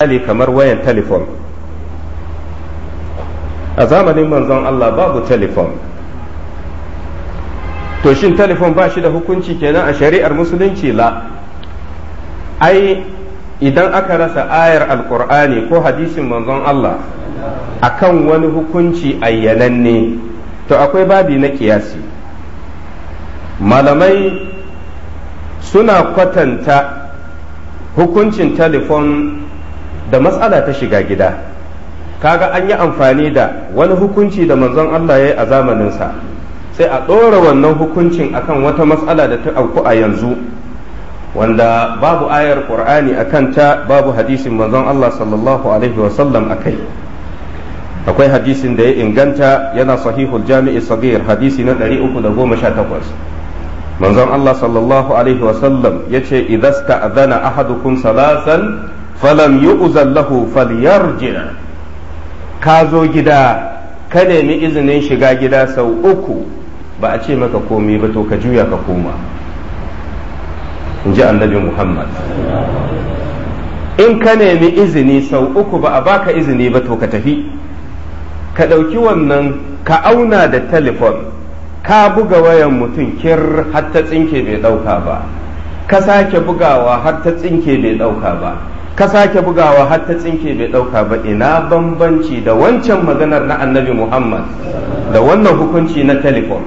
misali kamar wayan telefon a zamanin manzon Allah babu telefon to shin telefon ba shi da hukunci kenan a shari'ar musulunci la ai idan aka rasa ayar alkur'ani ko hadisin manzon Allah akan wani hukunci ayyananne to akwai babi na kiyasi malamai suna kwatanta hukuncin telefon da matsala ta shiga gida kaga an yi amfani da wani hukunci da manzon Allah ya yi a zamaninsa sai a ɗora wannan hukuncin akan wata matsala da ta auku a yanzu wanda babu ayar qur'ani a kanta babu hadisin manzon Allah sallallahu alaihi wasallam a kai akwai hadisin da ya inganta yana sahihul jami'i sagir hadisi na 318 manzon Allah sallallahu alaihi wasallam ya ce idasta adana ahadukum salasan falam yu'zan lahu jina. ka zo gida ka nemi izinin shiga gida sau uku ba a ce maka komai ba to ka juya ka koma in ji annabi muhammad in ka nemi izini sau uku ba a baka izini ba to ka tafi ka ɗauki wannan ka auna da telefon ka buga wayan mutum kir har ta tsinke bai ɗauka ba ka sake bugawa har ta tsinke bai ɗauka ba ka sake bugawa har ta tsinke bai ɗauka ba ina bambanci da wancan maganar na annabi muhammad da wannan hukunci na telefon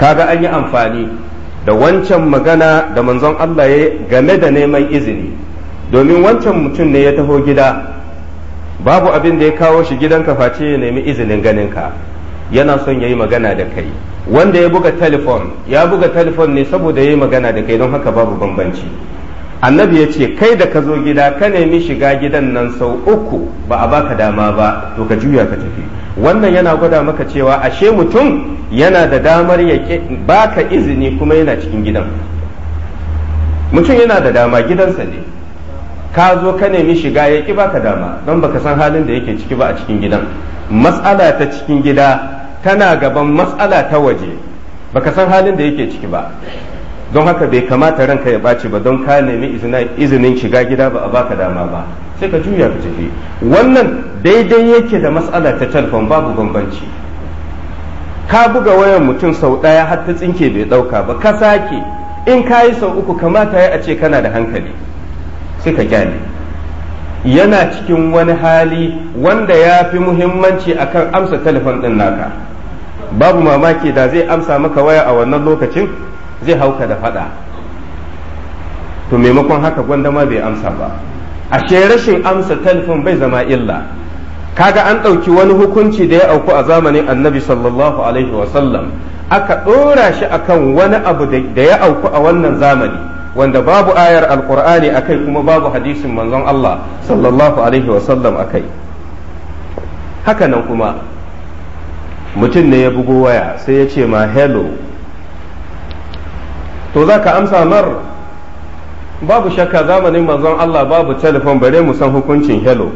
kaga an yi amfani da wancan magana da manzon allah ya game da neman izini domin wancan mutum ne ya taho gida babu abin da ya kawo shi gidan ka face ya nemi izinin ganinka yana son ya yi magana da kai wanda ya buga telefon ya buga telefon ne saboda ya yi magana da kai don haka babu bambanci annabi ya ce kai da ka zo gida ka nemi shiga gidan nan sau uku ba a baka dama ba to ka juya ka tafi wannan yana gwada maka cewa ashe mutum yana da damar ya baka izini kuma yana cikin gidan mutum yana da dama gidansa ne ka zo ka nemi shiga ya ki baka dama don baka san halin da yake ciki ba a cikin gidan matsala ta cikin gida tana gaban matsala ta waje baka san halin da yake ciki ba don haka bai kamata ranka ya ɓaci ba don ka nemi izinin shiga gida ba a baka dama ba sai ka juya ka tafi wannan daidai yake da matsala ta telefon babu bambanci ka buga wayan mutum sau ɗaya har ta tsinke bai ɗauka ba ka sake in ka yi sau uku kamata ya a ce kana da hankali sai ka gyale yana cikin wani hali wanda ya fi muhimmanci akan amsa telefon ɗin naka babu mamaki da zai amsa maka waya a wannan lokacin zai hauka da faɗa to maimakon haka gwandama bai amsa ba ashe rashin amsa telefon bai zama illa kaga an ɗauki wani hukunci da ya auku a zamanin annabi sallallahu alaihi sallam aka ɗora shi akan wani abu da ya auku a wannan zamani wanda babu ayar alkur'ani akai kuma babu hadisin manzon Allah sallallahu alaihi wasallam akai haka nan kuma mutum ne ya bugo waya sai ya ce ma hello to za ka amsa mar babu shakka zamanin manzon Allah babu telefon bare mu san hukuncin hello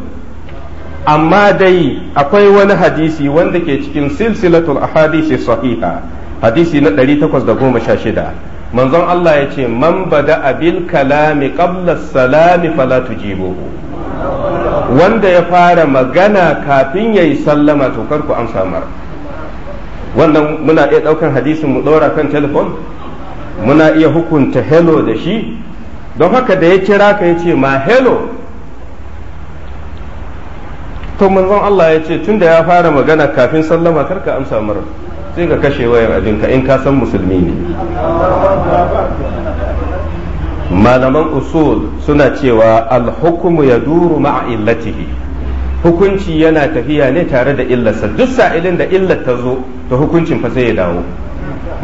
amma dai akwai wani hadisi wanda ke cikin silsilatul ahadisi sahiha hadisi na 816 manzon Allah ya ce man bada abil kalami qabla salami fala tujibuhu wanda ya fara magana kafin yayi sallama to karku amsa mar wannan muna iya daukan hadisin mu daura kan telefon muna iya hukunta hello da shi don haka da ya kira ka ya ce ma hello to manzon Allah ya ce tunda ya fara magana kafin sallama karka amsa mara sai ka kashe wayar abinka in ka san musulmi ne malaman usul suna cewa alhukumu ya duru ma'a illatihi hukunci yana tafiya ne tare da illarsa duk sa'ilin da illar ta zo to hukuncin fa sai ya dawo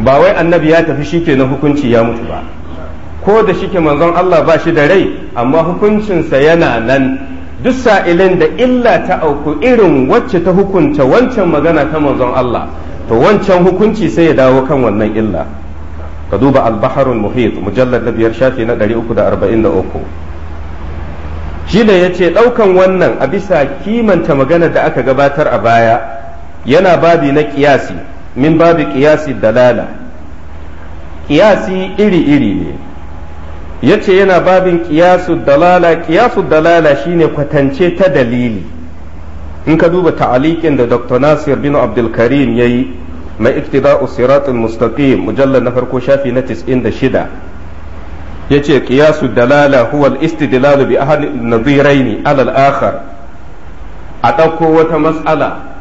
ba wai annabi ya tafi shike na hukunci ya mutu ba ko da shike manzon Allah ba shi da rai amma hukuncinsa yana nan duk sa'ilin da illa ta auku irin wacce ta hukunta wancan magana ta manzon Allah to wancan hukunci sai ya dawo kan wannan illa ka duba al muhit mujallad na biyar shafi na 343 shi da ya ce ɗaukan wannan a bisa kimanta magana da aka gabatar a baya yana babi na kiyasi. min babu qiyasi dalala kiyasi iri-iri ne yace yana babin Kiyasu dalala qiyasu dalala shine kwatance ta dalili in ka duba ta'aliƙin da Dr. Nasir bin Abdulkarim ya yayi mai iftida'u siratul mustaqim mujallar na farko shafi na 96 yace qiyasu dalala huwa istidlalu bi ahad an-nadhirayn akhar a ɗauko wata mas'ala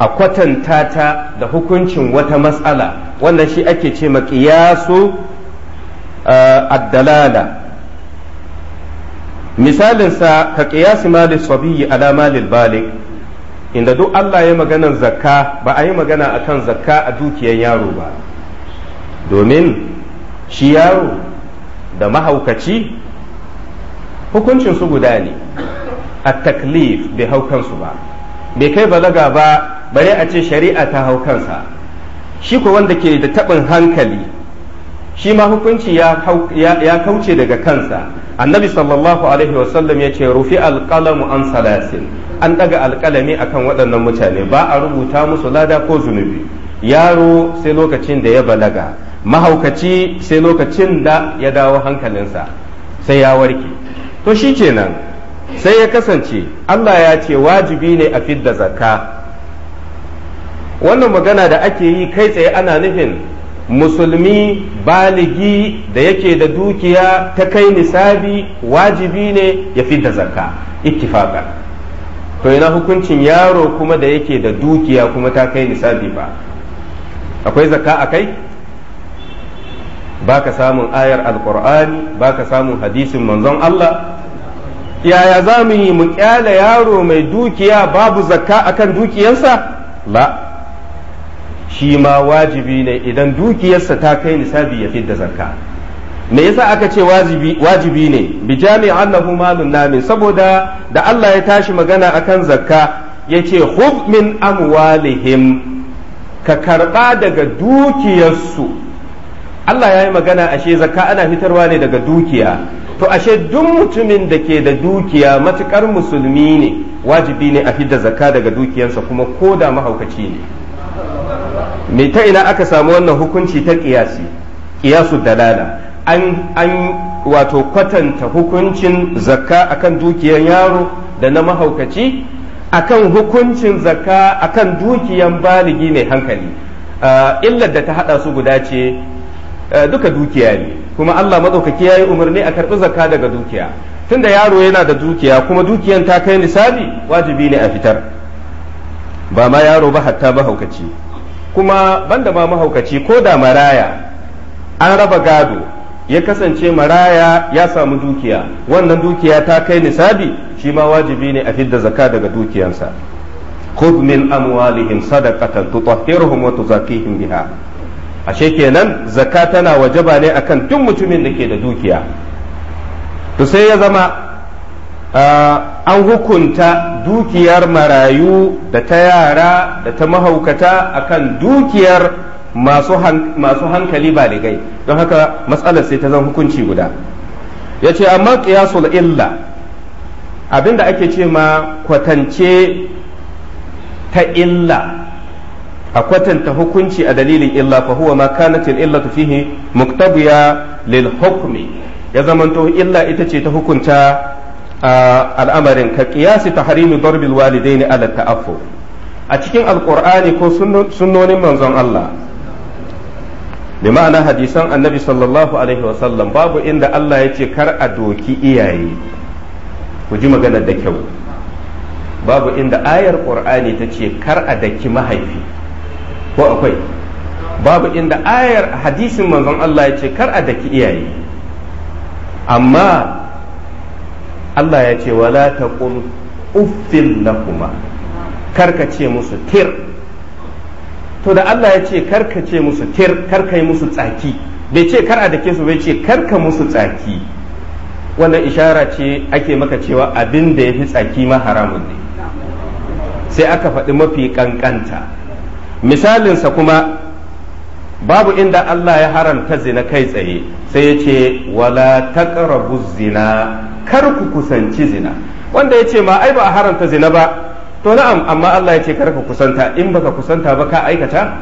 a kwatanta ta da hukuncin wata matsala wannan shi ake ce maƙiyasu uh, addalala misalinsa ka ƙiyasi malin sabiyyi ala malin balik inda duk Allah ya maganar zakka ba a yi magana akan zakka a dukiyar yaro ba domin shi yaro da mahaukaci hukuncin su guda ne a taklif bai haukansu ba bai kai balaga ba bare a ce shari'a ta hau kansa shi ko wanda ke da taɓin hankali shi ma hukunci ya kauce daga kansa annabi sallallahu alaihi wasallam ya ce rufi alƙalamu an salasin an ɗaga alƙalami akan waɗannan mutane ba a rubuta musu lada ko zunubi yaro sai lokacin da ya balaga mahaukaci sai lokacin da ya dawo hankalinsa sai ya warke to shi kenan sai ya kasance Allah ya ce wajibi ne a fidda zakka wannan magana da ake yi kai tsaye ana nufin musulmi baligi da yake da dukiya ta kai nisabi wajibi ne ya fi da zakka ittifaka to ina hukuncin yaro kuma da yake da dukiya kuma ta kai nisabi ba akwai zakka a kai baka samun ayar alkur'ani baka samun hadisin manzon Allah yaya za mu yi mu kyale yaro mai dukiya babu zakka akan dukiyarsa la shi ma wajibi ne idan dukiyarsa ta kai nisabi ya fidda zakka me yasa aka ce wajibi ne bi jami annahu malun namin saboda da Allah ya tashi magana akan zakka yace khudh min amwalihim ka karba daga dukiyarsu Allah ya yi magana ashe zakka ana fitarwa ne daga dukiya to ashe duk mutumin da ke da dukiya matukar musulmi ne wajibi ne a fidda zakka daga dukiyarsa kuma ko da mahaukaci ne me ta ina aka samu wannan hukunci ta kiyasi kiyasu dalala an an wato kwatanta hukuncin zakka akan dukiyar yaro da na mahaukaci akan hukuncin zakka akan dukiyan baligi mai hankali ah, illar da ta hada su guda ce ah, duka dukiya ne kuma Allah madaukaki yayi umarni a karbi zakka daga dukiya tunda yaro yana da dukiya kuma dukiyan ta kai nisabi wajibi ne a fitar ba ma yaro ba hatta mahaukaci kuma banda ma mahaukaci ko da maraya an raba gado ya kasance maraya ya samu dukiya wannan dukiya ta kai nisabi shi ma wajibi ne a fidda zaka daga dukiyansa khudh min amwalihim sadaqatan tutahhiruhum wa tuzakihim biha ashe kenan zaka tana wajaba ne akan duk mutumin da ke da dukiya to sai ya zama Ah, an hukunta dukiyar marayu da ta yara da ta mahaukata a kan dukiyar masu hankali baligai don haka matsalar sai ta zan hukunci guda ya ce amma qiyasul illa abinda ake ce ma kwatance ta illa a kwatanta hukunci a dalilin illa fa huwa ma kanat illa fihi muktabiya lil hukmi ya zamanto illa ita ce ta hukunta al'amarin ka qiyasi tahrimi darbil walidaini ala ta'affu a cikin alqur'ani ko sunnonin manzon Allah bi ma'ana hadisan annabi sallallahu alaihi wasallam babu inda Allah ya ce kar a doki iyaye ku ji maganar da kyau babu inda ayar qur'ani ta ce kar a daki mahaifi ko akwai babu inda ayar hadisin manzon Allah ya ce kar a daki iyaye amma Allah ya ce wala ta taqul uffin lakuma karka ce musu tir to da Allah ya ce karka ce musu tir karka yi musu tsaki bai ce kar a ke su bai ce karka musu tsaki wannan ishara ce ake maka cewa abin da ya fi tsaki ma haramun ne sai aka faɗi mafi ƙanƙanta misalinsa kuma babu inda Allah ya haramta zina kai tsaye sai ya ce wala ta zina kar ku kusanci zina wanda ya ce ma ai ba a haramta zina ba to na'am amma Allah ya ce kar ka kusanta in baka kusanta ba ka aikata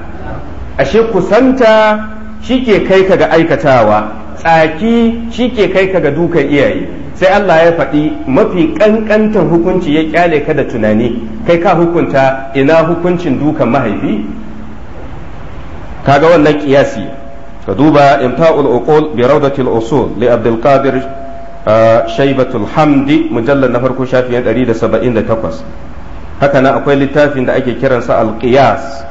ashe kusanta shike kai ka ga aikatawa tsaki shike kai ka ga dukan iyaye sai Allah ya faɗi mafi ƙanƙantar hukunci ya kyale ka da tunani kai ka hukunta ina hukuncin dukan mahaifi kaga wannan kiyasi ka duba imta'ul uqul bi rawdatil usul li abdul qadir shaibatul hamdi mujallar na farko shafiyan 178 haka nan akwai littafin da ake kiransa alqiyas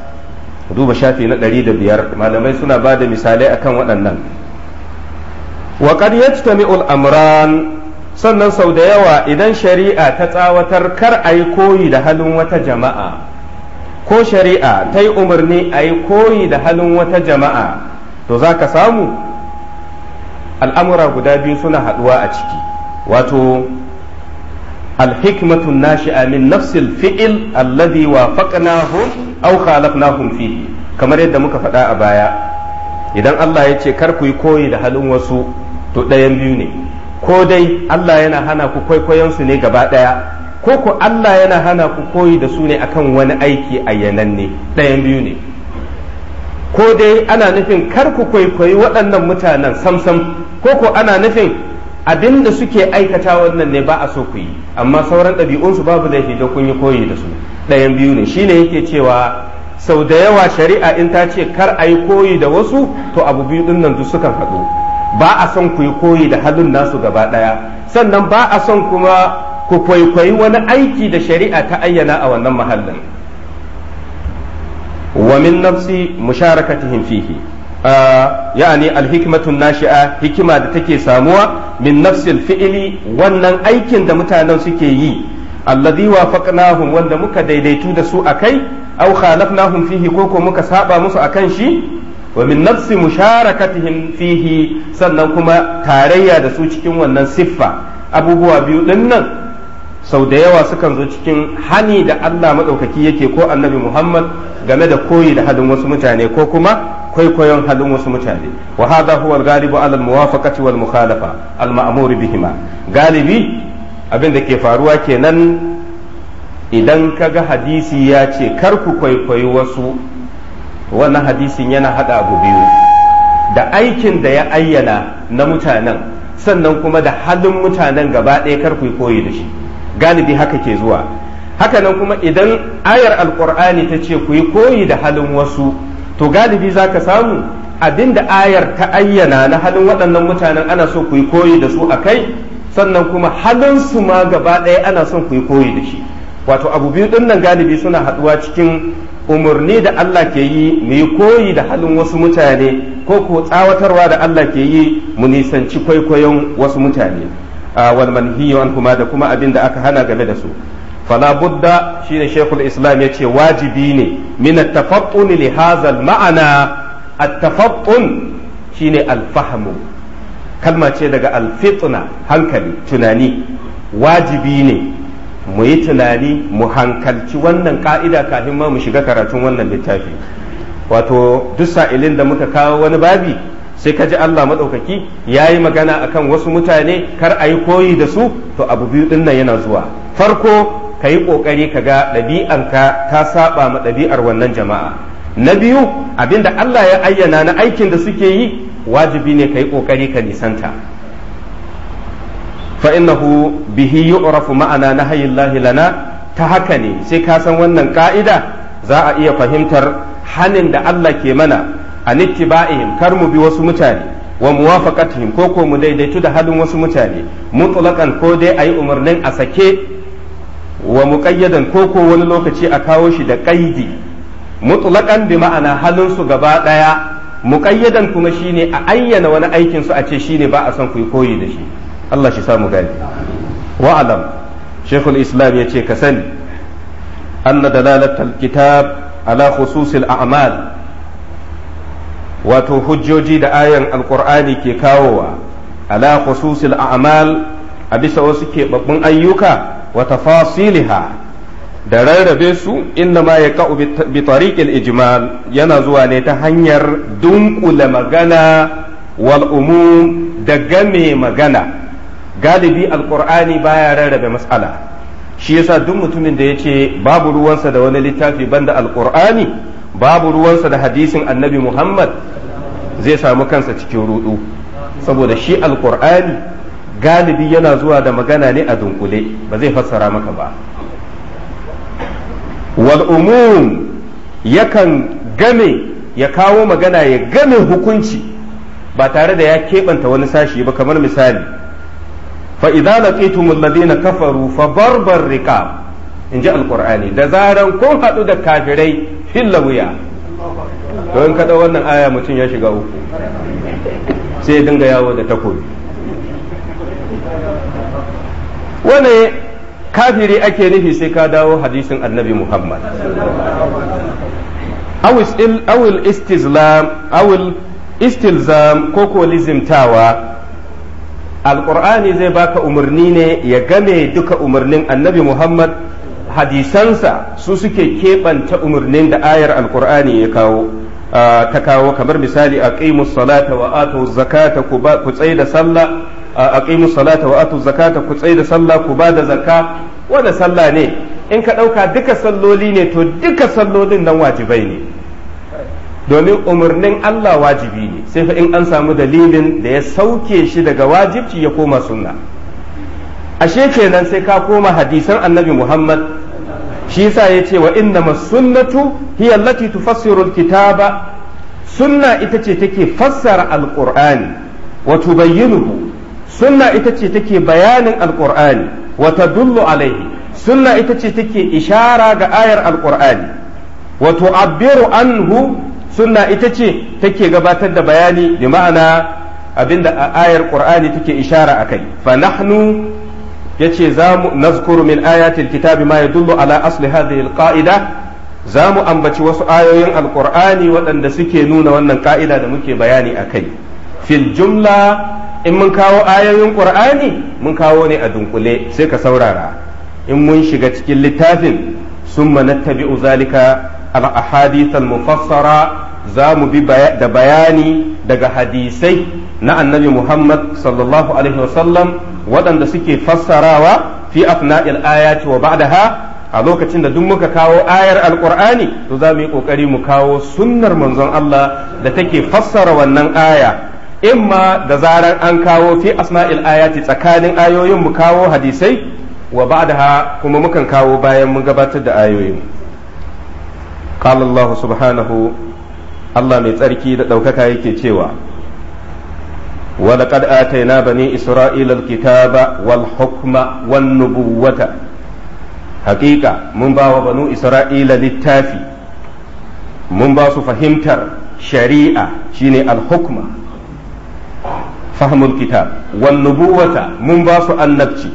duba shafi na 105 malamai suna bada da misalai akan waɗannan wa qad yajtami'u amran sannan sau da yawa idan shari'a ta tsawatar kar a yi koyi da halin wata jama'a ko shari'a ta yi umarni a yi koyi da halin wata jama'a to za ka samu al'amura guda biyu suna haɗuwa a ciki wato alhikmatun nashi min nafsil fi'il alladhi wafaqnahu aw khalafnahum fihi kamar yadda muka faɗa a baya idan Allah ya ce kar ku yi koyi da halin wasu to ɗayan biyu ne ko dai Allah yana hana ku kwaikwayon su ne gaba ɗaya ko ku Allah yana hana ku koyi da su ne akan wani aiki a yananne, ɗayan biyu ne ko dai ana nufin kar ku kwaikwayi waɗannan mutanen samsam ko ko ana nufin abin da suke aikata wannan ne ba a so ku yi amma sauran ɗabi'unsu babu zai da kun yi koyi da su ɗayan biyu ne shine yake cewa sau da yawa shari'a in ta ce kar a yi koyi da wasu to abu biyu ɗin nan duk sukan haɗu ba a son ku yi koyi da halin nasu gaba ɗaya sannan ba a son kuma ku kwaikwayi wani aiki da shari'a ta ayyana a wannan mahallin wa min nafsi musharakatihim fihi ah, yani alhikmatun nashi'a hikima da take samuwa min nafsil fi'ili wannan aikin da mutanen suke yi alladhi wafaqnahum wanda muka daidaitu da su akai aw khalafnahum fihi ko ko muka saɓa musu akan shi wa min nafsi musharakatihim fihi sannan kuma tarayya da su cikin wannan siffa abubuwa biyu din nan sau da yawa sukan zo cikin hani da Allah maɗaukaki yake ko annabi Muhammad game da koyi da halin wasu mutane ko kuma kwaikwayon halin wasu mutane wa hadha huwa al-ghalibu ala al-muwafaqati wal mukhalafa al-ma'mur bihima galibi abin da ke faruwa kenan idan ka ga hadisi ya ce kar ku kwaikwayi wasu wannan hadisin yana haɗa abu biyu da aikin da ya ayyana na mutanen sannan kuma da halin mutanen gaba ɗaya kar ku koyi da shi galibi haka ke zuwa hakanan kuma idan ayar alkur'ani ta ce ku yi koyi da halin wasu to galibi za ka samu abinda ayar ta ayyana na halin waɗannan mutanen ana so ku yi koyi da su a kai sannan kuma halinsu ma gaba ɗaya ana son ku yi koyi da shi wato abu biyu ɗin nan galibi suna haɗuwa cikin umarni da Allah ke yi mu yi koyi da halin wasu mutane ko ko tsawatarwa da Allah ke yi mu nisanci kwaikwayon wasu mutane wal manhiyu anhuma da kuma abin da aka hana game da su fala budda shine shaykhul islam yace wajibi ne min at-tafaqqun li hadha al-ma'ana at shine al fahm kalma ce daga al-fitna hankali tunani wajibi ne mu yi tunani mu hankalci wannan ka'ida kafin ma mu shiga karatun wannan littafi wato duk sa'ilin da muka kawo wani babi sai ka ji Allah maɗaukaki ya yi magana a kan wasu mutane kar a yi koyi da su to abu biyu ɗin nan yana zuwa farko ka yi ƙoƙari ka ga ɗabi'anka ta saba ma ɗabi'ar wannan jama'a na biyu abinda Allah ya ayyana na aikin da suke yi wajibi ne ka yi ƙoƙari ka nisanta fa'innahu bihi yu'rafu ma'ana na lahi lana ta haka ne sai ka san wannan ka'ida za a iya fahimtar hanin da Allah ke mana an ittiba'ihim kar mu bi wasu mutane wa muwafaqatihim ko ko mu daidaitu da halin wasu mutane mutlaqan ko dai ayi umarnin a sake wa muqayyadan ko ko wani lokaci a kawo shi da qaidi mutlaqan bi ma'ana halin su gaba daya muqayyadan kuma shine a ayyana wani aikin su a ce shine ba a son ku koyi da shi Allah shi samu gani wa alam shaykhul islam yace ka sani anna dalalatul kitab ala khususil a'mal wato hujjoji da ayan alkur'ani ke kawowa ala khususil a'mal a bisa wasu keɓaɓɓun ayyuka wa tafasiliha da rarrabe su inna ma ya ka'u bi tariqil ijmal yana zuwa ne ta hanyar dunkula magana wal umum da game magana galibi alkur'ani baya rarrabe matsala shi yasa duk mutumin da yace babu ruwansa da wani littafi banda alkur'ani babu ruwansa da hadisin annabi muhammad zai samu kansa cikin rudu saboda shi alkur'ani galibi yana zuwa da magana ne a dunkule ba zai fassara maka ba wal umum yakan game ya kawo magana ya game hukunci ba tare da ya keɓanta wani sashi ba kamar misali fa idza laqitumul ladina kafaru fa barbar riqab in ji alkur'ani da zaran kun haɗu da kafirai filla wuya to in kaɗa wannan aya mutum ya shiga uku sai dinga yawo da takobi wane kafiri ake nufi sai ka dawo hadisin annabi muhammad Awul istizlam istilzam ko ko alƙur'ani zai baka umarni ne ya game duka umarnin annabi muhammad hadisansa su suke keɓanta umarnin da ayar alkur'ani ya kawo ta kawo kamar misali a salata wa ato zakata ku tsaye da sallah a salata wa ato zakata ku tsaye da sallah ku ba da zakka wanda sallah ne in ka ɗauka duka salloli ne to duka sallolin nan wajibai ne domin umarnin Allah wajibi ne sai fa in an samu dalilin da ya sauke shi daga wajibci ya koma sunna ashe kenan sai ka koma hadisan annabi Muhammad shi yasa ya ce wa inna sunnatu hiya allati tufassiru alkitaba sunna ita ce take fassara alqur'ani wa tubayyinuhu sunna ita ce take bayanin alqur'ani wa tadullu alaihi sunna ita ce take ishara ga ayar alqur'ani wa tu'abbiru anhu sunna ita ce take gabatar da bayani bi ma'ana abinda ayar qur'ani take ishara akai fa nahnu yace za mu nazkuru min ayatil kitabi ma yadullu ala asli hadhihi alqaida za mu ambaci wasu ayoyin alqur'ani waɗanda suke nuna wannan ka'ida da muke bayani akai fil jumla in mun kawo ayoyin qur'ani mun kawo ne a dunkule sai ka saurara in mun shiga cikin littafin summa nattabi'u zalika al ahadith mufassara za mu bi da bayani daga hadisai na annabi Muhammad sallallahu alaihi wasallam waɗanda suke fassarawa fi afna'il ayati wa ba'daha a lokacin da duk muka kawo ayar alkur'ani to za mu yi kokari mu kawo sunnar manzon Allah da take fassara wannan aya imma da zarar an kawo fi asma'il ayati tsakanin ayoyin mu kawo hadisai wa ba'daha kuma mukan kawo bayan mun gabatar da ayoyin qala Allah subhanahu Allah mai tsarki da ɗaukaka yake cewa ولقد آتينا بني إسرائيل الكتاب والحكم والنبوة حقيقة من باو بنو إسرائيل للتافي من باو فهمتر شريعة شيني الحكمة فهم الكتاب والنبوة من باو النبتي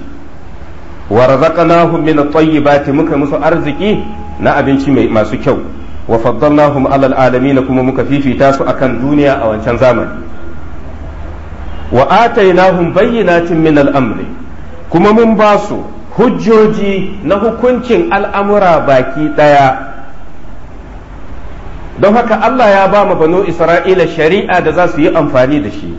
ورزقناهم من الطيبات مكا مسو أرزقي نأبن شمي ما سكو وفضلناهم على العالمين كما مكفيفي تاسو أكن دنيا أو أنشان زمن wa atainahum bayyinatin min al'amri kuma mun ba su hujjoji na hukuncin al'amura baki ɗaya don haka Allah ya ba ma banu Isra'ila shari'a da za su yi amfani da shi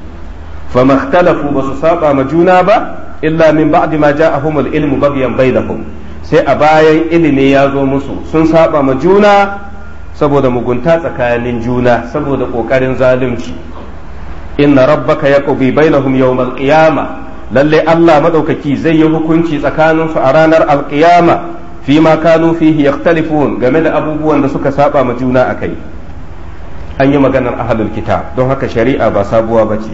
fa ikhtalafu ba su saba ma juna ba illa min ba'di ma ja'ahum al-ilmu baghyan bainahum sai a bayan ilimi ya zo musu sun saba ma juna saboda mugunta tsakanin juna saboda kokarin zalunci inna rabbaka yaqbi bainahum yawmal qiyamah lalle Allah madaukaki zai yi hukunci tsakanin su a ranar alkiyama. fi ma kanu fihi yakhtalifun game da abubuwan da suka saba ma juna akai an yi maganar ahlul kitab don haka shari'a ba sabuwa bace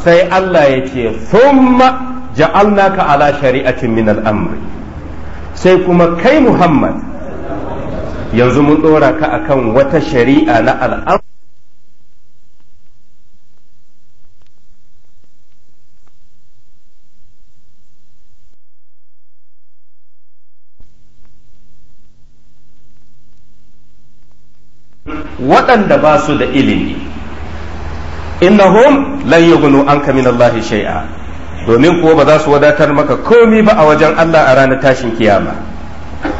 sai Allah ya ce thumma ja'alnaka ala shari'atin min al-amri sai kuma kai Muhammad yanzu mun dora ka akan wata shari'a na al'amri waɗanda ba su da ilimi innahum lan yughnu anka min Allah shay'a domin kuwa ba za su wadatar maka komi ba a wajen Allah a ranar tashin kiyama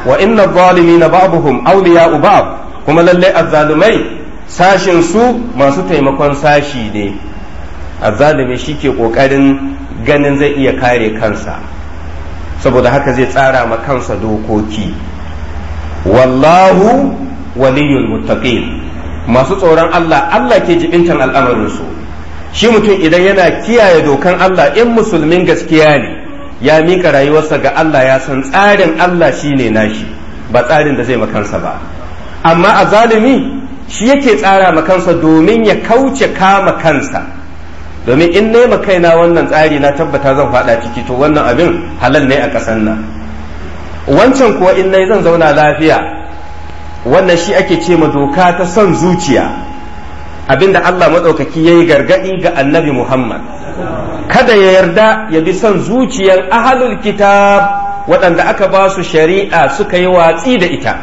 wa inna zalimina ba'dhum awliya ba'd kuma lalle azzalumai sashin su masu taimakon sashi ne azzalumi ke kokarin ganin zai iya kare kansa saboda haka zai tsara ma kansa dokoki wallahu waliyul muttaqin masu tsoron Allah Allah ke jibintan al'amarinsu shi mutum idan yana kiyaye dokan Allah in musulmin gaskiya ne ya mika rayuwarsa ga Allah ya san tsarin Allah shine nashi ba tsarin da zai makansa ba amma a zalimi shi yake tsara kansa domin ya kauce kama kansa domin in nema kaina wannan tsari na tabbata zan faɗa ciki to wannan abin halal ne a ƙasan nan wancan kuwa in nayi zan zauna lafiya wannan shi ake ce ma doka ta son zuciya abinda Allah maɗaukaki ya yi gargaɗi ga annabi Muhammad kada ya yarda ya bi son zuciyar ahalul kitab waɗanda aka ba su shari'a suka yi watsi da ita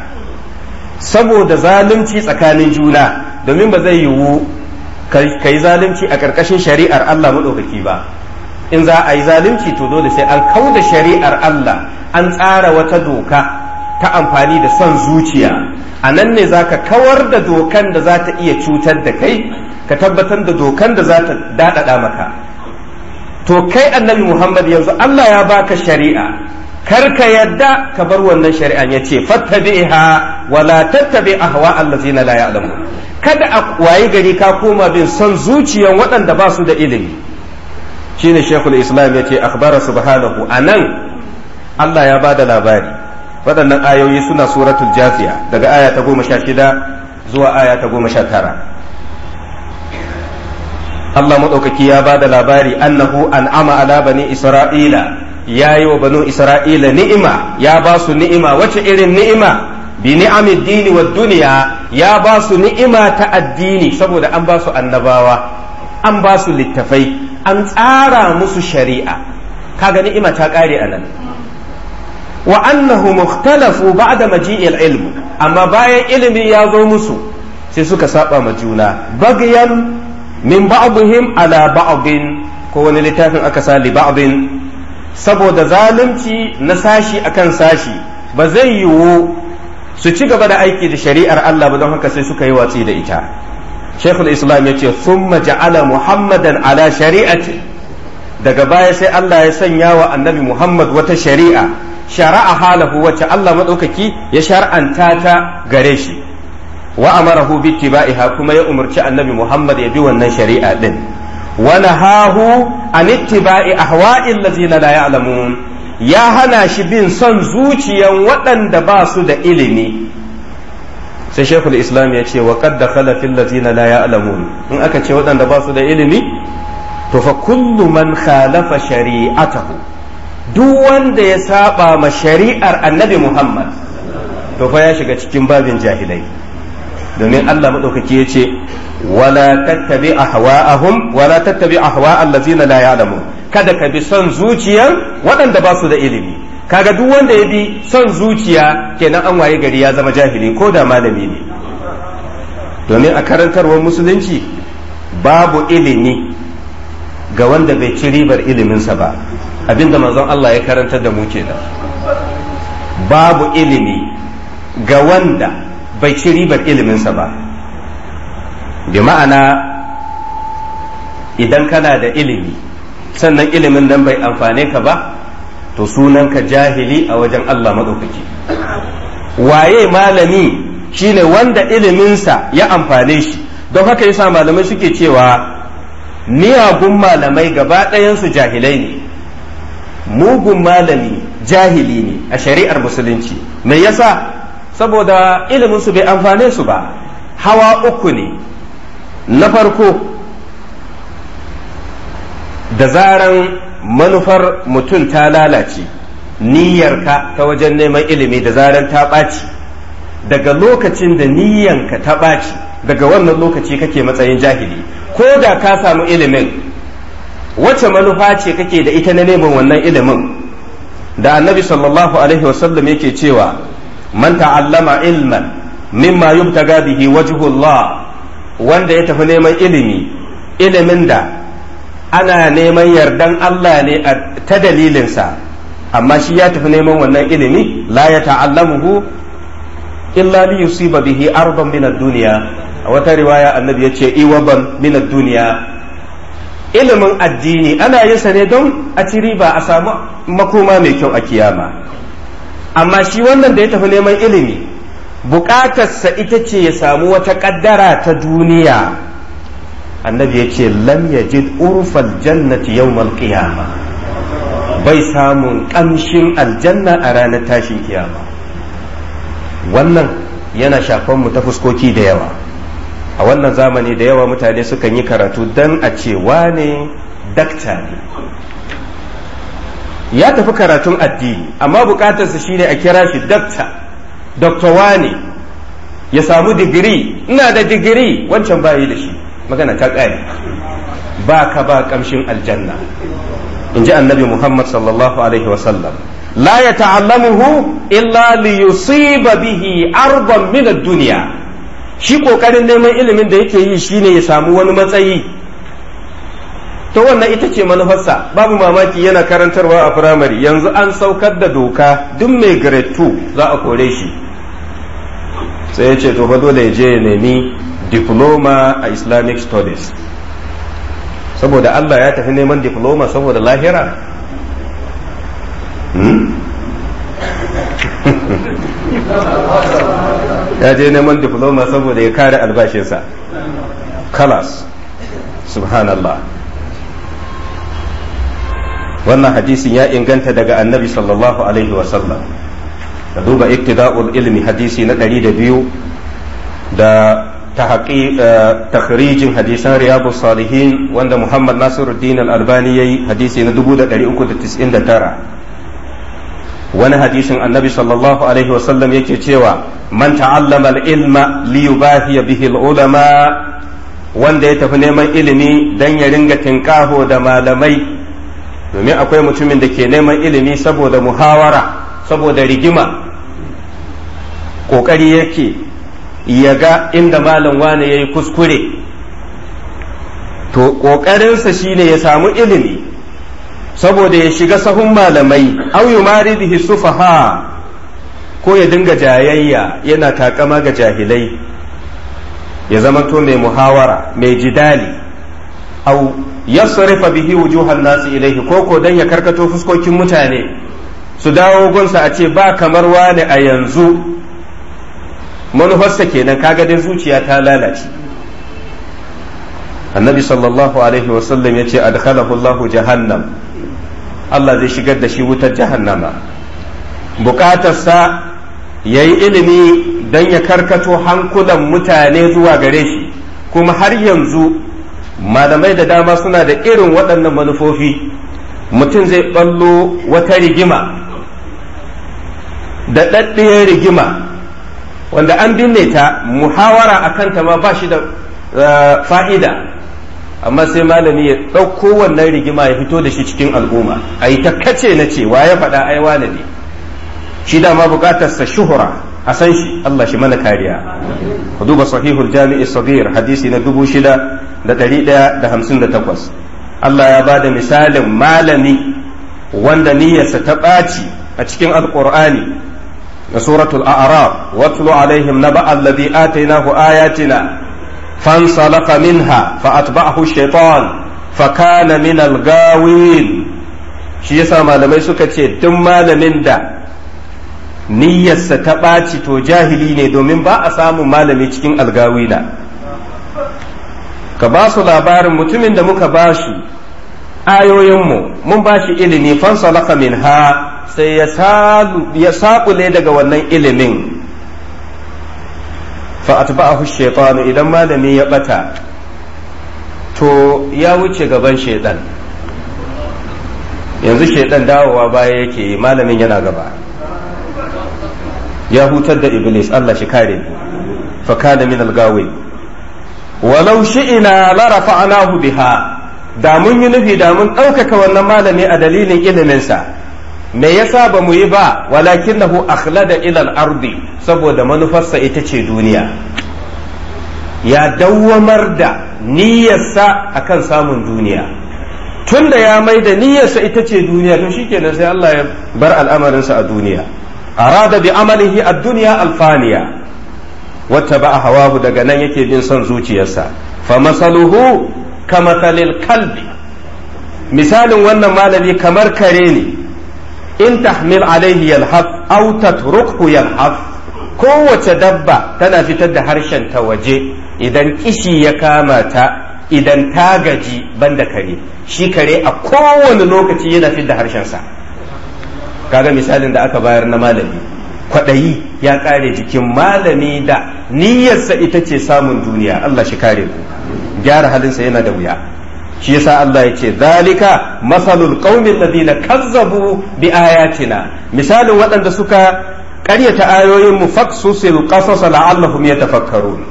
saboda zalunci tsakanin juna domin ba zai yiwu ka yi zalunci a ƙarƙashin shari'ar Allah maɗaukaki ba in za a yi zalunci to dole sai an kau da shari'ar Allah an tsara wata doka ta amfani da son zuciya a nan ne za ka kawar da dokan da za ta iya cutar da kai ka tabbatar da dokan da za ta daɗaɗa maka to kai annabi muhammad yanzu allah ya baka shari'a kar ka yadda ka bar wannan shari'an ya ce fattabi'iha a hawa tattabi ahwa na la ya'lamu kada a wayi gari ka koma bin son zuciyan waɗanda ba su da ilimi shine shekul islam ya ce akhbara subhanahu anan allah ya ba da labari waɗannan ayoyi suna suratul jafiya daga aya ta goma sha shida zuwa aya ta goma sha tara Allah maɗaukaki ya ba da labari annahu an'ama ala bani isra'ila ya yi wa banu isra'ila ni'ima ya ba su ni'ima wace irin ni'ima bi ni'amid dini wa duniya ya ba su ni'ima ta addini saboda an ba su annabawa an ba su littafai an tsara musu shari'a kaga ni'ima ta ƙare a nan wa annahu mukhtalafu ba'da maji'il ilm amma bayan ilimi ya zo musu sai suka saba ma juna bagyan min ba'dihim ala ba'din ko wani littafin aka sa li ba'din saboda zalunci na sashi akan sashi ba zai yiwu su ci gaba da aiki da shari'ar Allah ba don haka sai suka yi watsi da ita shekul islam ya ce thumma ja'ala muhammadan ala shari'ati daga baya sai Allah ya sanya wa annabi muhammad wata shari'a shara'a halahu wacce Allah maɗaukaki ya shar'anta ta gare shi wa amarahu bittiba'iha kuma ya umarci annabi Muhammad ya bi wannan shari'a din wa nahahu an ittiba'i ahwa'il ladzina la ya'lamun ya hana shi bin son zuciyan waɗanda ba su da ilimi sai shekul islam ya ce wa qad dakhala fil ladzina la ya'lamun in aka ce waɗanda ba su da ilimi to fa kullu man khalafa shari'atahu duk wanda ya saba ma shari'ar annabi Muhammad to fa ya shiga cikin babin jahilai domin Allah madaukaki ya ce wala tattabi ahwa'ahum wala tattabi ahwa'a allazina la ya'lamu kada ka bi son zuciyar waɗanda ba su da ilimi kaga duk wanda ya bi son zuciya kenan an waye gari ya zama jahili ko da malami ne domin a karantarwar musulunci babu ilimi ga wanda bai ci ribar iliminsa ba abinda manzon Allah ya karanta da mu da, babu ilimi ga wanda bai ci ribar iliminsa ba bi ma'ana idan kana da ilimi sannan ilimin nan bai amfane ka ba to sunan ka jahili a wajen Allah maɗaukaki waye malami shine wanda iliminsa ya amfane shi don haka yasa malamai suke cewa miyagun malamai gaba ɗayansu jahilai ne mugun malami jahili ne a shari'ar musulunci me yasa saboda ilimin su bai amfane su ba hawa uku ne na farko da zaran manufar mutum ta lalace niyyarka ta wajen neman ilimi da zaran ta ɓaci daga lokacin da niyyanka ta ɓaci daga wannan lokaci kake matsayin jahili ko da ka samu ilimin wace manufa ce kake da ita na neman wannan ilimin da annabi sallallahu alaihi wasallam yake cewa man ta'allama ilman mimma yubtaga bihi wajhullah wanda ya tafi neman ilimi ilimin da ana neman yardan Allah ne ta dalilinsa amma shi ya tafi neman wannan ilimi la ya ta'allamuhu illa li yusiba bihi arban min ad-dunya a wata riwaya annabi yace iwaban min ad-dunya ilimin addini ana yin sa ne don a ci riba a samu makoma mai kyau a kiyama amma shi wannan da ya tafi neman ilimi bukatarsa ita ce ya samu wata kaddara ta duniya annabi ya ce lam yajid urfal jannati yawmal qiyama bai samun kamshin aljanna a ranar tashin kiyama wannan yana shafan mu ta fuskoki da yawa a wannan zamani da yawa mutane sukan yi karatu don a ce wane dakta ne ya tafi karatun addini amma bukatarsa shine a kira shi dakta dokta wane ya samu digiri ina da digiri wancan bayi da shi magana ta ƙare ba ka ba kamshin aljanna in ji annabi muhammad sallallahu alaihi wasallam la ya ta'allamuhu illa li yusiba bihi arban min ad-dunya shi kokarin neman ilimin da yake yi shine ya samu wani matsayi to wannan ita ce manufarsa babu mamaki yana karantarwa a firamare yanzu an saukar da doka duk mai grade 2 za a kore shi sai ya ce to fa dole ya je ya nemi diploma a islamic studies saboda Allah ya tafi neman diploma saboda lahira hmm? ya je neman diploma saboda ya kare albashinsa kalas subhanallah wannan hadisin ya inganta daga annabi sallallahu alaihi wasallam da duba iktida'ul ilmi hadisi na 200 da eh, takrijin hadisan riyabu salihin wanda muhammad nasiruddin al-albani ya yi hadisi na 399 wani hadisin annabi sallallahu alaihi wasallam yake cewa man ta'allama al-ilma li yubahiya bihi al-ulama wanda ya tafi neman ilimi dan ya ringa tinkaho da malamai domin akwai mutumin da ke neman ilimi saboda muhawara saboda rigima kokari yake ya ga inda malam ya yayi kuskure to kokarinsa shine ya samu ilimi saboda ya shiga sahun malamai au yumaridihi sufaha ko ya dinga jayayya yana takama ga jahilai ya zamanto mai muhawara mai jidali au sarrafa bihi wujuhan nasu ilaihi ko ko dan ya karkato fuskokin mutane su dawo gunsa a ce ba kamar wani a yanzu manufarsa kenan kaga dai zuciya ta lalace annabi sallallahu alaihi wasallam ya ce adkhalahu Allahu jahannam Allah zai shigar da shi wutar jahannama bukatarsa ya yi ilimi don ya karkato hankulan mutane zuwa gare shi kuma har yanzu malamai da dama suna da irin waɗannan manufofi mutum zai ɓallo wata rigima da ɗaɗɗiyar rigima wanda an binne ta muhawara a kanta ma ba shi da eh, fa'ida amma sai malami ya ɗauko wannan rigima ya fito da shi cikin al'umma a yi ta kace na ce wa ya faɗa ai wane ne shi dama sa shuhura a san shi Allah shi mana kariya ku duba sahihul jami'i sabir hadisi na dubu shida da ɗari ɗaya da hamsin da takwas Allah ya bada misalin malami wanda niyyarsa ta ɓaci a cikin alƙur'ani na suratul a'raf watlu alaihim naba allazi atainahu ayatina فانسلخ منها فأتبعه الشيطان فكان من الغاوين shi yasa malamai suka ce duk malamin da niyyarsa ta ɓaci to jahili ne domin ba a samun malami cikin algawina ka ba su labarin mutumin da muka ba shi ayoyinmu mun ba shi ilimi fansalaka min ha sai ya saƙule daga wannan ilimin fa atba'ahu shaytanu idan malami ya bata to ya wuce gaban shaidan yanzu shaidan dawowa baya yake malamin yana gaba ya hutar da iblis Allah shi kare fa kada min algawi walau shi'ina la rafa'nahu biha da mun yi nufi da mun ɗaukaka wannan malami a dalilin iliminsa me yasa ba mu yi ba walakin nahu akhlada da ilal ardi saboda manufarsa ita ce duniya ya dawwamar da niyyarsa akan samun duniya tunda ya mai da niyyarsa ita ce duniya to shikenan sai Allah ya bar al'amarinsa a duniya arada bi amalihi ad-dunya alfaniya wata ba a hawahu daga nan yake bin son zuciyarsa fa masaluhu ka kalbi misalin wannan malami kamar kare ne in tahmil alaihi yalhaf aw tatrukhu yalhaf kowace dabba tana fitar da harshen ta waje idan kishi ya kama ta idan ta gaji banda kare shi kare a kowane lokaci yana fitar da harshen harshensa kaga misalin da aka bayar na malami kwaɗayi ya kare jikin malami da niyyarsa ita ce samun duniya Allah shi kare ku gyara halin sa yana da wuya shi yasa Allah ya ce zalika masalul qaumin ladina kazzabu bi ayatina misalin waɗanda suka ƙaryata ayoyin mu faqsusil qasas la'allahum yatafakkarun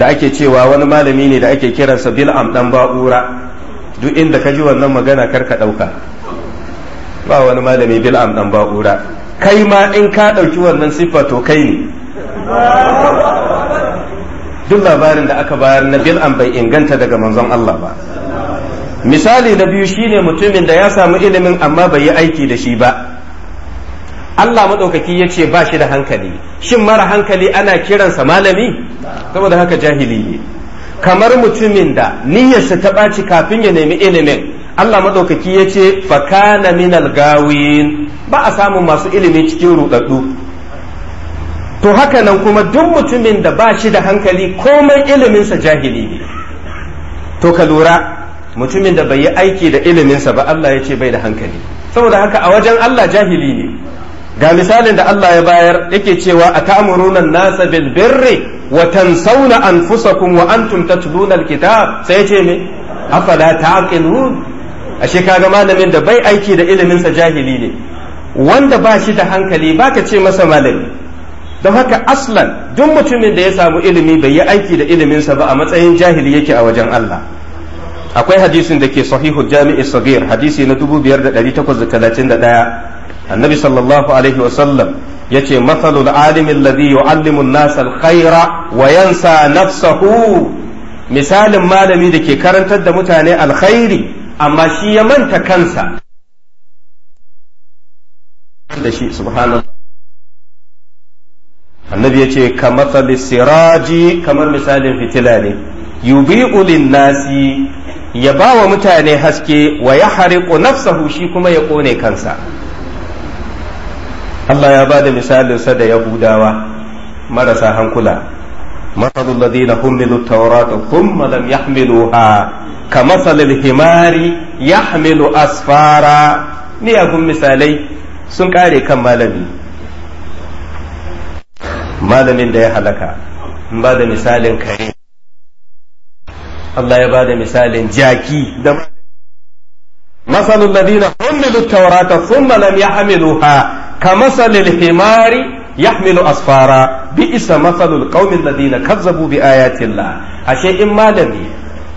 da ake cewa wani malami ne da ake kiransa bil'am dan ba'ura duk inda ka ji wannan magana kar ɗauka ba wani malami bil'am dan ba'ura kai ma in ka ɗauki wannan siffa to kai ne duk labarin da aka bayar na bil'am bai inganta daga manzon Allah ba misali na biyu shine mutumin da ya samu ilimin amma bai yi aiki da shi ba Allah maɗaukaki ya ce ba shi da hankali shin mara hankali ana kiransa malami saboda haka jahili ne kamar mutumin da niyyarsa ta ɓaci kafin ya nemi ilimin Allah maɗaukaki ya ce fakana minal gawin ba a samun masu ilimi cikin ruɗaɗɗu to haka nan kuma duk mutumin da ba shi da hankali komai iliminsa jahili ne to ka lura mutumin da bai yi aiki da iliminsa ba Allah ya ce bai da hankali saboda haka a wajen Allah jahili ne ga misalin da Allah ya bayar yake cewa a atamuruna nasa bil birri wa tansawna anfusakum wa antum tatluna alkitab sai ya ce me afala taqilun ashe kaga malamin da bai aiki da iliminsa jahili ne wanda ba shi da hankali baka ce masa malami don haka aslan duk mutumin da ya samu ilimi bai yi aiki da iliminsa ba a matsayin jahili yake a wajen Allah akwai hadisin da ke sahihu jami'i sagir hadisi na 5831 annabi sallallahu alaihi wasallam ya ce matsalul alimin ladhi yu'allimun nasa alkhaira wa yansa nafsahu misalin malami da ke karantar da mutane alkhairi amma shi ya manta kansa da shi subhanallah annabi ya ce kamathali siraji kamar misalin fitila ne ulin nasi ya ba wa mutane haske wa ya hariƙo nafsahu shi kuma ya ƙone kansa Allah ya ba da misalinsa da yahudawa marasa hankula masalul ladina humilu tawrata thumma lam ka matsalin himari yahmilu asfara kun misalai sun kare kan malami malamin da ya halaka in ba da misalin kare Allah ya ba da misalin jaki da مثل الذين حملوا التوراة ثم لم يحملوها كمثل الحمار يحمل أسفارا بئس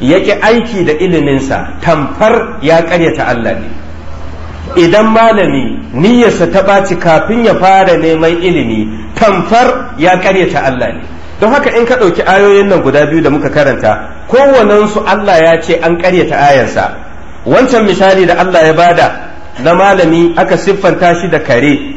yake aiki da iliminsa tamfar ya karyata Allah ne idan malami niyyarsa ta ɓaci kafin ya fara neman ilimi tamfar ya karyata Allah ne don haka in ka ɗauki ayoyin nan guda biyu da muka karanta kowanensu Allah ya ce an karyata ayarsa wancan misali da Allah ya bada na malami aka siffanta shi da kare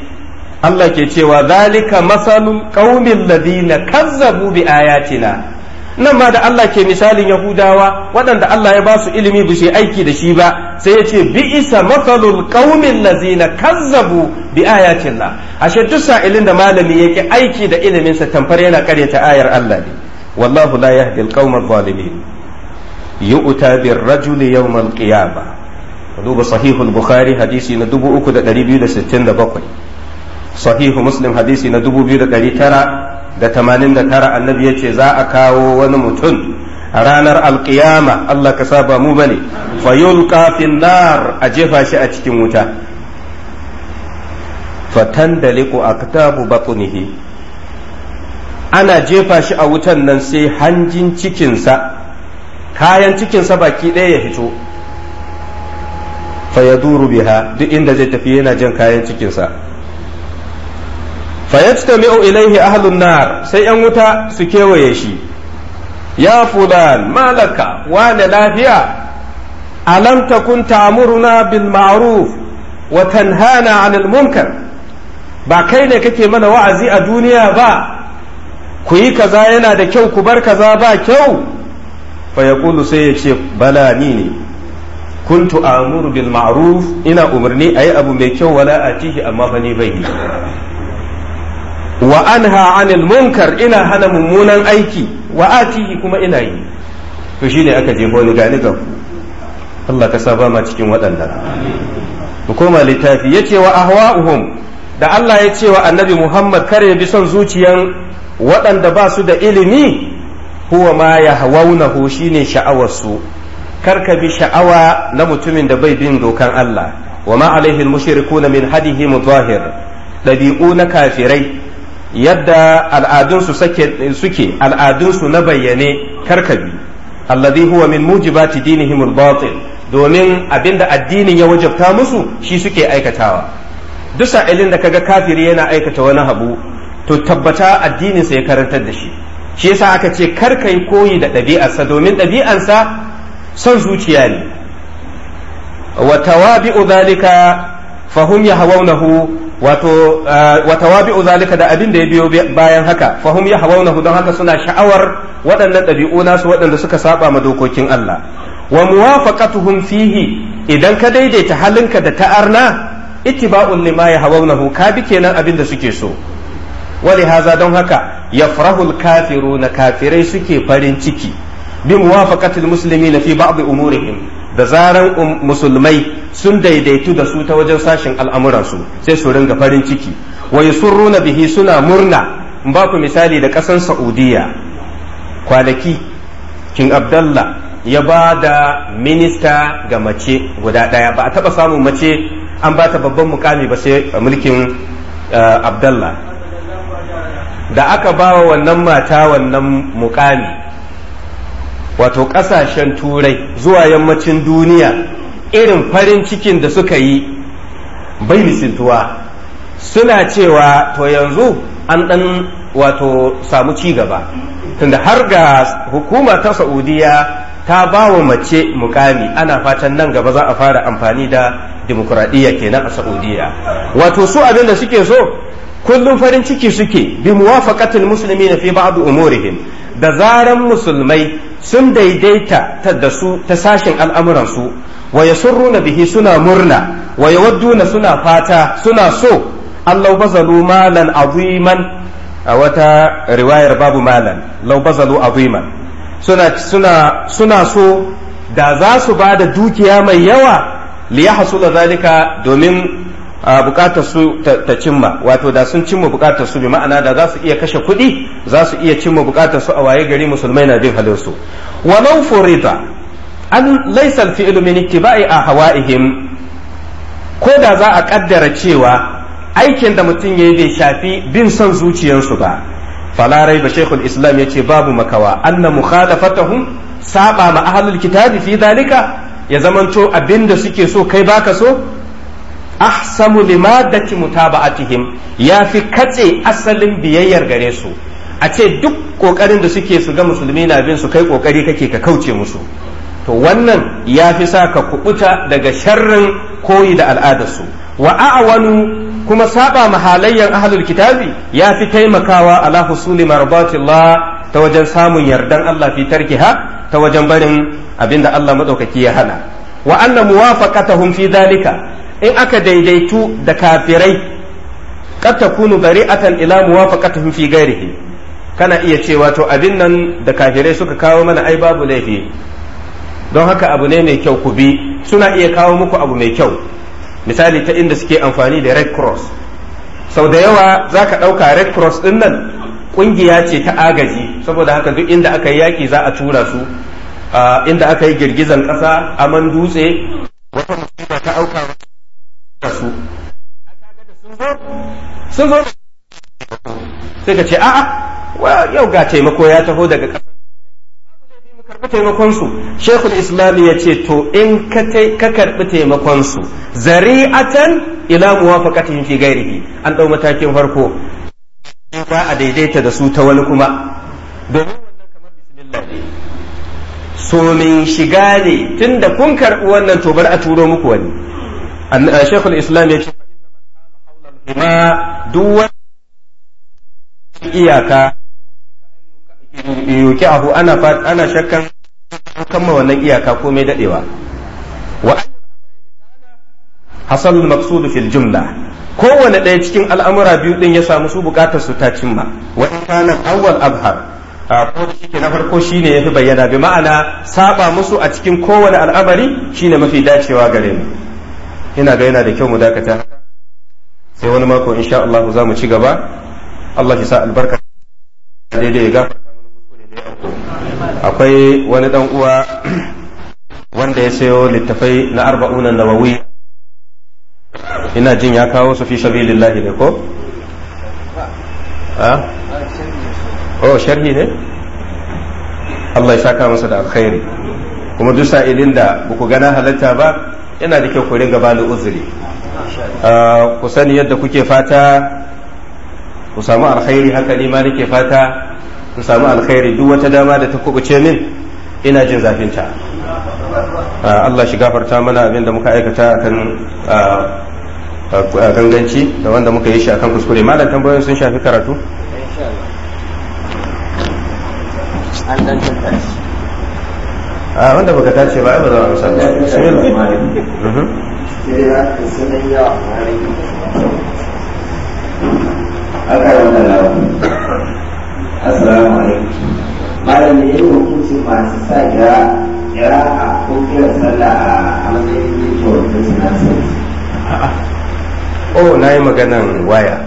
Allah ke cewa zalika masalul qaumil ladina kazzabu bi ayatina nan ma da Allah ke misalin Yahudawa waɗanda Allah ya ba su ilimi ba aiki da shi ba sai ya ce bi isa matsalul qaumin lazina kazzabu bi ayatillah ashe duk sa'ilin da malami yake aiki da iliminsa tamfar yana karyata ayar Allah ne wallahu la yahdi alqaumal zalimin yu'ta bir rajuli yawmal qiyamah duba sahihul bukhari hadisi na 3267 sahihu muslim hadisi na 2900 da tamanin da tara annabi ya ce za a kawo wani mutum a ranar alkiyama Allah ka saba mu bane fayul kafin nar a jefa shi a cikin wuta fatan da liku a katabu bakunihi ana jefa shi a wutan nan sai hanjin cikinsa kayan cikinsa baki ɗaya ya fito fayaduru biha duk inda zai tafi yana jan kayan cikinsa fayastami'u ilaihi ahlun nar sai yan wuta su kewaye shi ya fulan malaka wane lafiya alam takun ta'muruna bil ma'ruf wa tanhana 'anil munkar ba kai ne kake mana wa'azi a duniya ba ku yi kaza yana da kyau ku bar kaza ba kyau fa yaqulu sai ya ce bala ni ne kuntu amuru bil ma'ruf ina umarni ayi abu mai kyau wala atihi amma fa ni bai wa anha anil munkar ina hana mummunan aiki wa atihi kuma ina yi to shine aka je wani gani ga ku Allah ka saba ma cikin waɗannan ku koma littafi yace wa ahwa'uhum da Allah ya ce wa annabi Muhammad kare bi son zuciyan waɗanda ba su da ilimi huwa ma yahwaunahu shine sha'awarsu karka bi sha'awa na mutumin da bai bin dokan Allah wa ma alaihi al-mushrikuna min hadihi mutahhir dabi'u na kafirai yadda al'adunsu suke al'adunsu na bayyane karkabi alladhi huwa min mujibati dinihim al-batil domin abinda addinin ya wajabta musu shi suke aikatawa duk sa'ilin da kaga kafiri yana aikata wani habu to tabbata addininsa ya karantar da shi shi yasa aka ce kar yi koyi da ɗabi'arsa domin ɗabi'arsa son zuciya ne wa tawabi'u dhalika fahum yahawunahu wato uh, watawabi'u zalika da abin da ya biyo bayan haka fahum ya hawaunahu don haka suna sha'awar waɗannan ɗabi'u nasu waɗanda suka saba ma dokokin Allah wa muwafaqatuhum fihi idan ka daidaita halinka da ta'arna ittiba'un lima ya hu ka bi kenan abin da suke so wali haza don haka yafrahul kafiruna kafirai suke farin ciki bi muwafaqatil muslimina fi ba'd umurihim da zaran um, musulmai sun daidaitu da su ta wajen sashen al'amuransu sai su ringa farin ciki wa runa bihi suna murna in ba ku misali da ƙasan Saudiyya, kwanaki king abdallah ya ba da minista ga mace guda ɗaya ba a taɓa samun mace an ba ta babban mukami ba sai mulkin eh, abdallah da aka ba wa wannan mata wannan mukami wato ƙasashen turai zuwa yammacin duniya irin farin cikin da suka yi bai misintuwa suna cewa to yanzu an ɗan wato samu ci gaba tunda har ga hukuma ta Saudiyya ta ba wa mace mukami ana fatan nan gaba za a fara amfani da dimokuraɗiyya kenan a saudiya wato su abin da suke so kullum farin ciki suke bi muwafaqatil muslimina fi ba'd umurihim da zaran musulmai sun daidaita ta su ta sashen al'amuransu wa runa bihi suna murna wa wadduna suna fata suna so allau bazalu malan aziman a wata riwayar babu malan lau bazalu aziman suna suna suna so da za su ba da dukiya mai yawa liya hasula zalika domin A bukatar su ta cimma wato da sun cimma bukatar su bi ma'ana da za su iya kashe kuɗi za su iya cimma bukatar su a waye gari musulmai na bin halin su law furida an laysa al-fi'lu min ittiba'i ahwa'ihim ko da za a kaddara cewa aikin da mutum yayi bai shafi bin son zuciyarsu ba Falarai ba shaykhul islam yace babu makawa anna mukhalafatuhum saba ma ahlul kitabi fi dalika ya zamanto abinda suke so kai baka so ahsamu limadati mutaba'atihim ya fi katse asalin biyayyar gare su a ce duk kokarin da suke su ga musulmi na bin su kai kokari kake ka kauce musu to wannan ya fi sa ka kubuta daga sharrin koyi da al'adar su wa a'wanu kuma saba mahalayyan ahlul kitabi ya fi taimakawa ala husuli marbatillah ta wajen samun yardan Allah fi tarkiha ta wajen barin abinda Allah madaukaki ya hana wa anna muwafaqatahum fi dhalika in aka daidaitu da kafirai qad takunu bari'atan ila muwafaqatihim fi ghairihi kana iya cewa to abin nan da kafirai suka kawo mana ai babu laifi don haka abu ne mai kyau ku bi suna iya kawo muku abu mai kyau misali ta inda suke amfani da red cross sau da yawa za ka ɗauka red cross ɗin nan ƙungiya ce ta agaji saboda haka duk inda aka yi yaƙi za a tura su inda aka yi girgizan ƙasa aman dutse wata musiba ta auka su. sun zo sai ka ce a'a yau ga taimako ya taho daga ƙasar mu karɓi taimakonsu shekul islam ya ce to in ka karɓi taimakon su. zari'atan ila muwafaqatihim fi ghairihi an ɗau matakin farko ba a daidaita da su ta wani kuma domin wannan kamar bismillah so min shiga ne tunda kun karɓi wannan to bar a turo muku wani shekul ya ce ma duk wani iyaka yuki ahu ana ana shakkan kama wannan iyaka komai dadewa wa hasalul maqsud fil jumla kowane ɗaya cikin al'amura biyu din ya samu su bukatar su ta cimma wa kana awwal abhar ko da shike na farko shine yafi bayyana bi ma'ana saɓa musu a cikin kowane al'amari shine mafi dacewa gare mu ina ga yana da kyau mu dakata sai wani mako insha Allah za mu ci gaba Allah ya sa albarka daidai ya gafarta akwai wani dan uwa wanda ya sayo littafai na arba'unan nawawi ina jin ya kawo su fi sabilillahi ne ko ah? oh sharhi ne Allah ya saka masa da alkhairi kuma duk sa'ilin da buku gana halatta ba yana da kyau ku ringa bani uzuri ah, ku sani yadda kuke fata ku samu alkhairi haka ni ma nake fata ku samu alkhairi duk wata dama da ta kubuce min ina jin zafin ta ah, Allah shi gafarta mana abin da muka aikata akan ah, ganganci da wanda muka yi shi akan kuskure malam tambayoyin sun shafi karatu an dan tantance a wanda baka tace ba ai ba za a amsa ba bismillah aka wanda lawa assalamu alaikum malam ne yin hukuncin masu sa kira kira a ko kira sallah a matsayin yin kyautar suna oh na yi maganan waya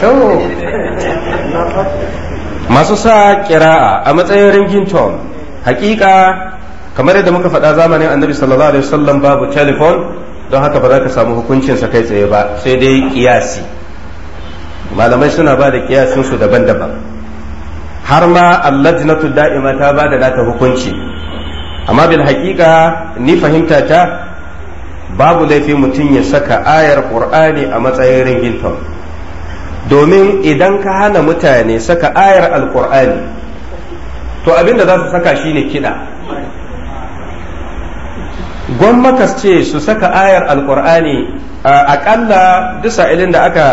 to masu sa kira'a a matsayin ringin tom hakika kamar yadda muka faɗa zamanin annabi sallallahu alaihi wasallam babu telefon don haka ba za ka samu hukuncinsa kai tsaye ba sai dai kiyasi malamai suna ba da su daban-daban har ma allajnatu da'ima ta ba da nata hukunci amma bil haƙiƙa ni fahimta ta babu laifi mutum ya saka ayar qur'ani a matsayin ringington domin idan ka hana mutane saka ayar alqur'ani to abinda da za su saka shine kiɗa gwammakas ce su saka ayar alkur'ani aƙalla dusa ilin da aka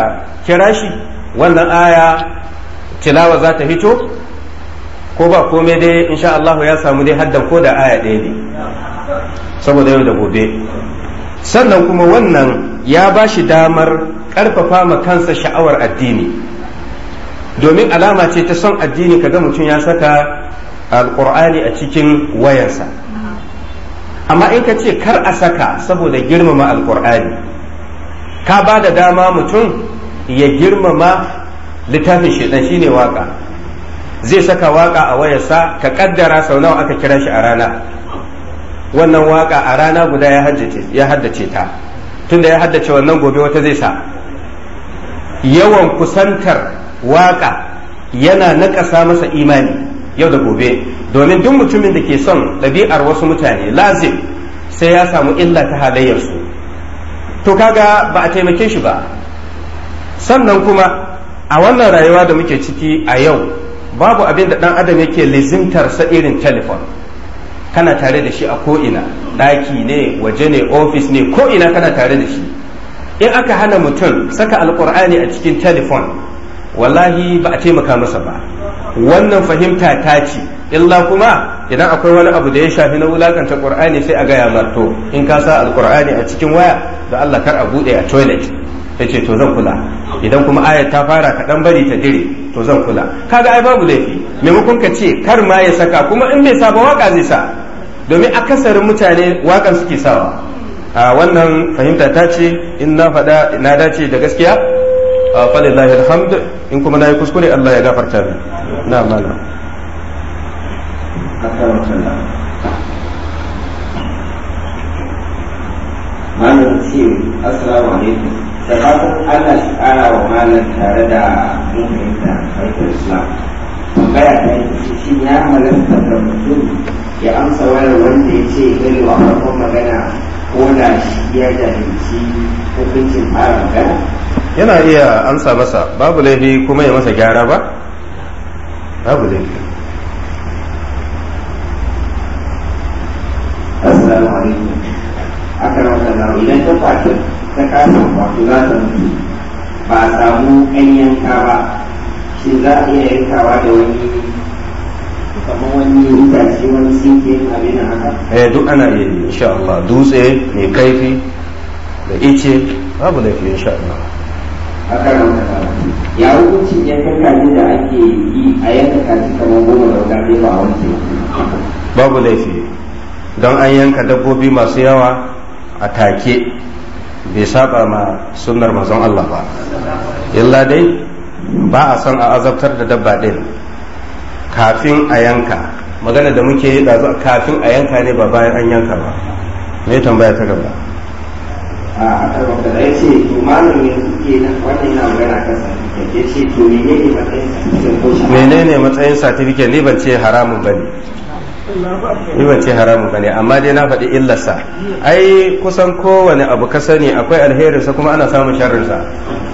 kira shi wannan aya tilawa za ta fito ko ba komai dai insha Allah ya samu dai haddan ko da aya ɗaya ne saboda yau da gobe sannan kuma wannan ya ba shi damar ƙarfafa ma kansa sha'awar addini domin alama ce ta son addini kaga mutum ya saka alkur'ani a cikin wayansa amma in ka ce kar a saka saboda girmama alkur'ani ka ba da dama mutum ya girmama littafin shaidan shine waka zai saka waka a wayarsa ka kaddara sau nawa aka kira shi a rana wannan waka a rana guda ya haddace ta tunda ya haddace wannan gobe wata zai sa yawan kusantar waka yana naƙasa masa imani yau da gobe domin duk mutumin da ke son ɗabi'ar wasu mutane lazim sai ya samu illa ta halayyarsu to kaga ba a taimake shi ba sannan kuma a wannan rayuwa da muke ciki a yau babu abin da ɗan adam yake lizimtar sa irin telefon kana tare da shi a ko'ina ɗaki ne waje ne ofis ne ko'ina kana tare da shi in aka hana mutum saka alkur'ani a cikin telefon wallahi ba a taimaka masa ba wannan fahimta ta ce illa kuma idan akwai wani abu da ya shafi na wulakanta qur'ani sai a gaya marto in ka sa alqur'ani a cikin waya da Allah kar a bude a toilet yace to zan kula idan kuma ayat ta fara kaɗan bari ta dire to zan kula kaga ai babu laifi maimakon ka ce kar ma ya saka kuma in bai sa ba waka zai sa domin akasarin mutane wakan suke sawa a wannan fahimta ta ce in na faɗa na dace da gaskiya falillahi alhamd in kuma na yi kuskure Allah ya gafarta min na malam malam ce assalamu alaikum da fatan Allah shi kara wa malam tare da mutunta aikin islam tambaya ta yi shi ya halatta da mutum ya amsa wayar wanda ya ce gari wa farkon magana ko da shi ya jahilci hukuncin fara magana yana iya amsa masa babu laifi kuma ya masa gyara ba babu laifi assalamu alaikum akan idan ta kwace ta kasa wato za ta mutu ba a samu ɗan yanka ba shi za a iya yankawa da wani kamar wani itace wani sinke abin haka eh duk ana iya insha Allah dutse mai kaifi da ice babu laifi insha Allah a kan ya hukuncin da ake yi a yanka kaji kamar goma da ba a babu laifi don an yanka dabbobi masu yawa a take bai saba ma sunnar mazan Allah ba illa dai ba a son a azabtar da dabba ɗin kafin a yanka magana da muke yi ɗazu kafin a yanka ne ba bayan an yanka ba me tambaya ta gaba a karbar da ya ce to malamin suke na wani yana magana kan ya ce to menene matsayin certificate ko shi menene matsayin certificate ni ban ce haramun bane ni ban ce haramun bane amma dai na faɗi illarsa ai kusan kowane abu ka sani akwai alherinsa kuma ana samun sharrinsa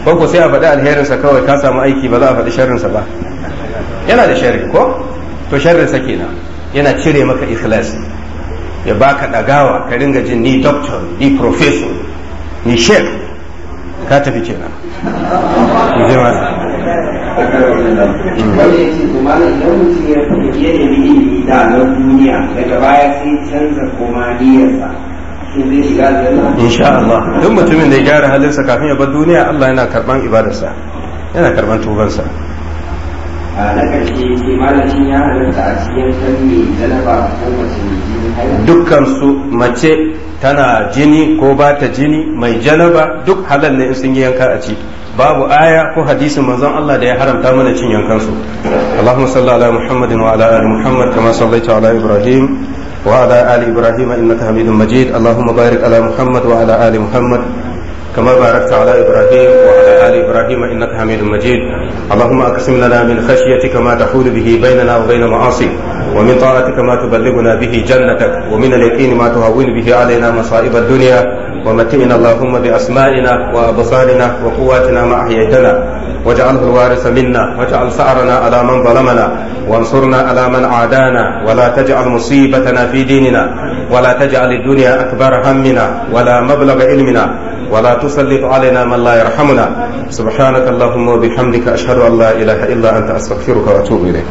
ko ko sai a faɗi alherinsa kawai ka samu aiki ba za a faɗi sharrinsa ba yana da sharri ko to sharrinsa kenan yana cire maka ikhlasi ya baka ɗagawa ka ringa jin ni doctor ni professor ni shek ka tafi kenan ce na duniya daga Allah duk mutumin da ya gyara halinsa kafin ya bar duniya Allah yana karban ibadarsa yana karban tubansa na ƙarshe ce malashin ya halatta a cikin san mai janaba ko mace mai jini haila dukkan su mace tana jini ko ba ta jini mai janaba duk halal ne in sun yi yanka a ci babu aya ko hadisin manzon Allah da ya haramta mana cin yankan su Allahumma salli ala Muhammadin wa ala ali Muhammad kama sallaita ala Ibrahim wa ala ali Ibrahim innaka Hamidum Majid Allahumma barik ala Muhammad wa ala ali Muhammad كما باركت على إبراهيم وعلى آل إبراهيم إنك حميد مجيد اللهم أقسم لنا من خشيتك ما تحول به بيننا وبين معاصيك ومن طاعتك ما تبلغنا به جنتك ومن اليقين ما تهون به علينا مصائب الدنيا ومتئنا اللهم بأسمائنا وأبصارنا وقواتنا ما أحييتنا واجعله الوارث منا واجعل ثأرنا على من ظلمنا وانصرنا على من عادانا ولا تجعل مصيبتنا في ديننا ولا تجعل الدنيا أكبر همنا ولا مبلغ علمنا ولا تسلط علينا من لا يرحمنا سبحانك اللهم وبحمدك أشهد أن لا إله إلا أنت أستغفرك وأتوب إليك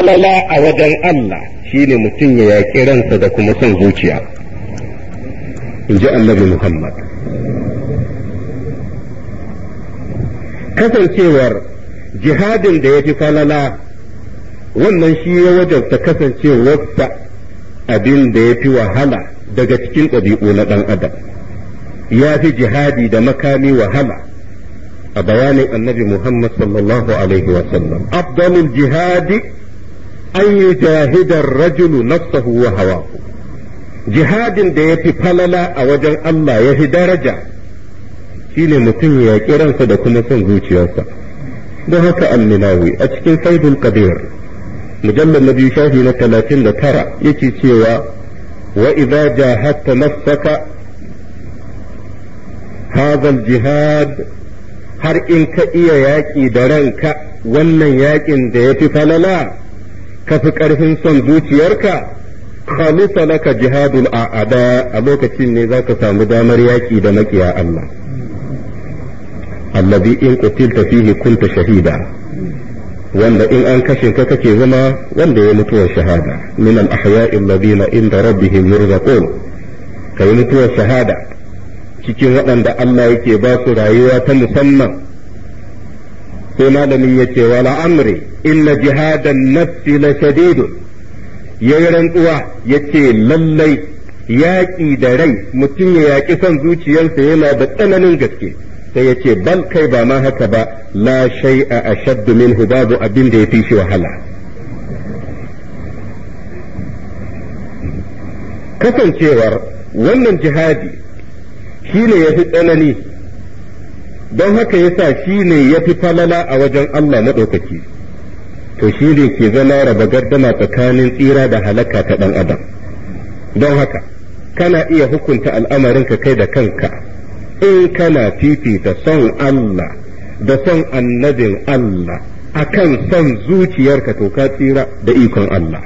falala a wajen Allah shine mutum ya yaƙi ransa da kuma son zuciya in ji Muhammad kasancewar jihadin da ya fi falala wannan shi ya wajabta kasancewarsa abin da ya fi wahala daga cikin ɗabi'u na ɗan adam ya fi jihadi da makami wahala a bayanin annabi muhammad sallallahu alaihi wasallam abdalin jihadi an yi jahidar rajulu nafsahu wa hawa jihadin da ya fi falala a wajen allah ya fi daraja shine mutum ya yaƙi ransa da kuma son zuciyarsa don haka annilawi a cikin saidul qadir mujallar na biyu shafi na talatin da tara yake cewa wa idza jahadta nafsaka hadha jihad har in ka iya yaƙi da ranka wannan yaƙin da ya fi falala ka fi ƙarfin son zuciyarka khalisa laka jihadul a'ada a lokacin ne za ka samu damar yaƙi da maƙiya Allah allazi in qutilta fihi kunta shahida wanda in an kashe ka kake zama wanda ya mutuwar shahada min al ahya'i alladhina inda rabbihim yurzaqun kai mutuwar shahada cikin waɗanda Allah yake ba su rayuwa ta musamman sai malamin ya ce wala amri inna jihada nafsi la shadidun yayi rantsuwa ya yace lallai yaƙi da rai mutum ya yaƙi son zuciyarsa yana da tsananin gaske sai ya ce bal kai ba ma haka ba la a ashaddu minhu babu abin da ya fi shi wahala kasancewar wannan jihadi shi ne ya fi tsanani don haka yasa shi ne ya fi falala a wajen Allah maɗaukaki to shi ne ke zama raba gardama tsakanin tsira da halaka ta ɗan adam don haka kana iya hukunta al'amarinka kai da kanka in kana fifita son Allah da son annabin Allah akan son zuciyarka to ka tsira da ikon Allah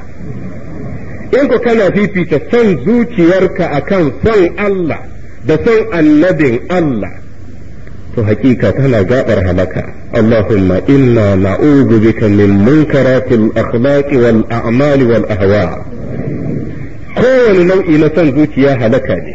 in ko kana fifita son zuciyarka akan son Allah da son annabin Allah to hakika tana gabar halaka Allahumma inna na'udhu bika min munkaratil akhlaqi wal a'mali wal ahwa kowane nau'i na son zuciya halaka ne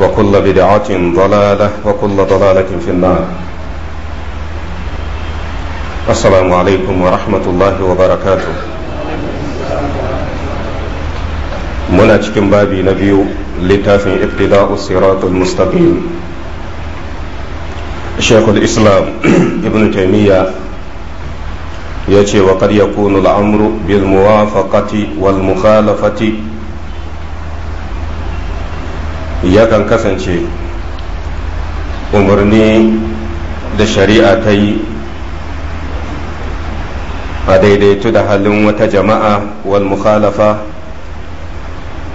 وكل بدعة ضلالة وكل ضلالة في النار السلام عليكم ورحمة الله وبركاته منا تشكم بابي نبيو لتافي ابتداء الصراط المستقيم شيخ الإسلام ابن تيمية يأتي وقد يكون الأمر بالموافقة والمخالفة yakan kasance umarni da shari'a ta yi a daidaitu da halin wata jama'a wal mukhalafa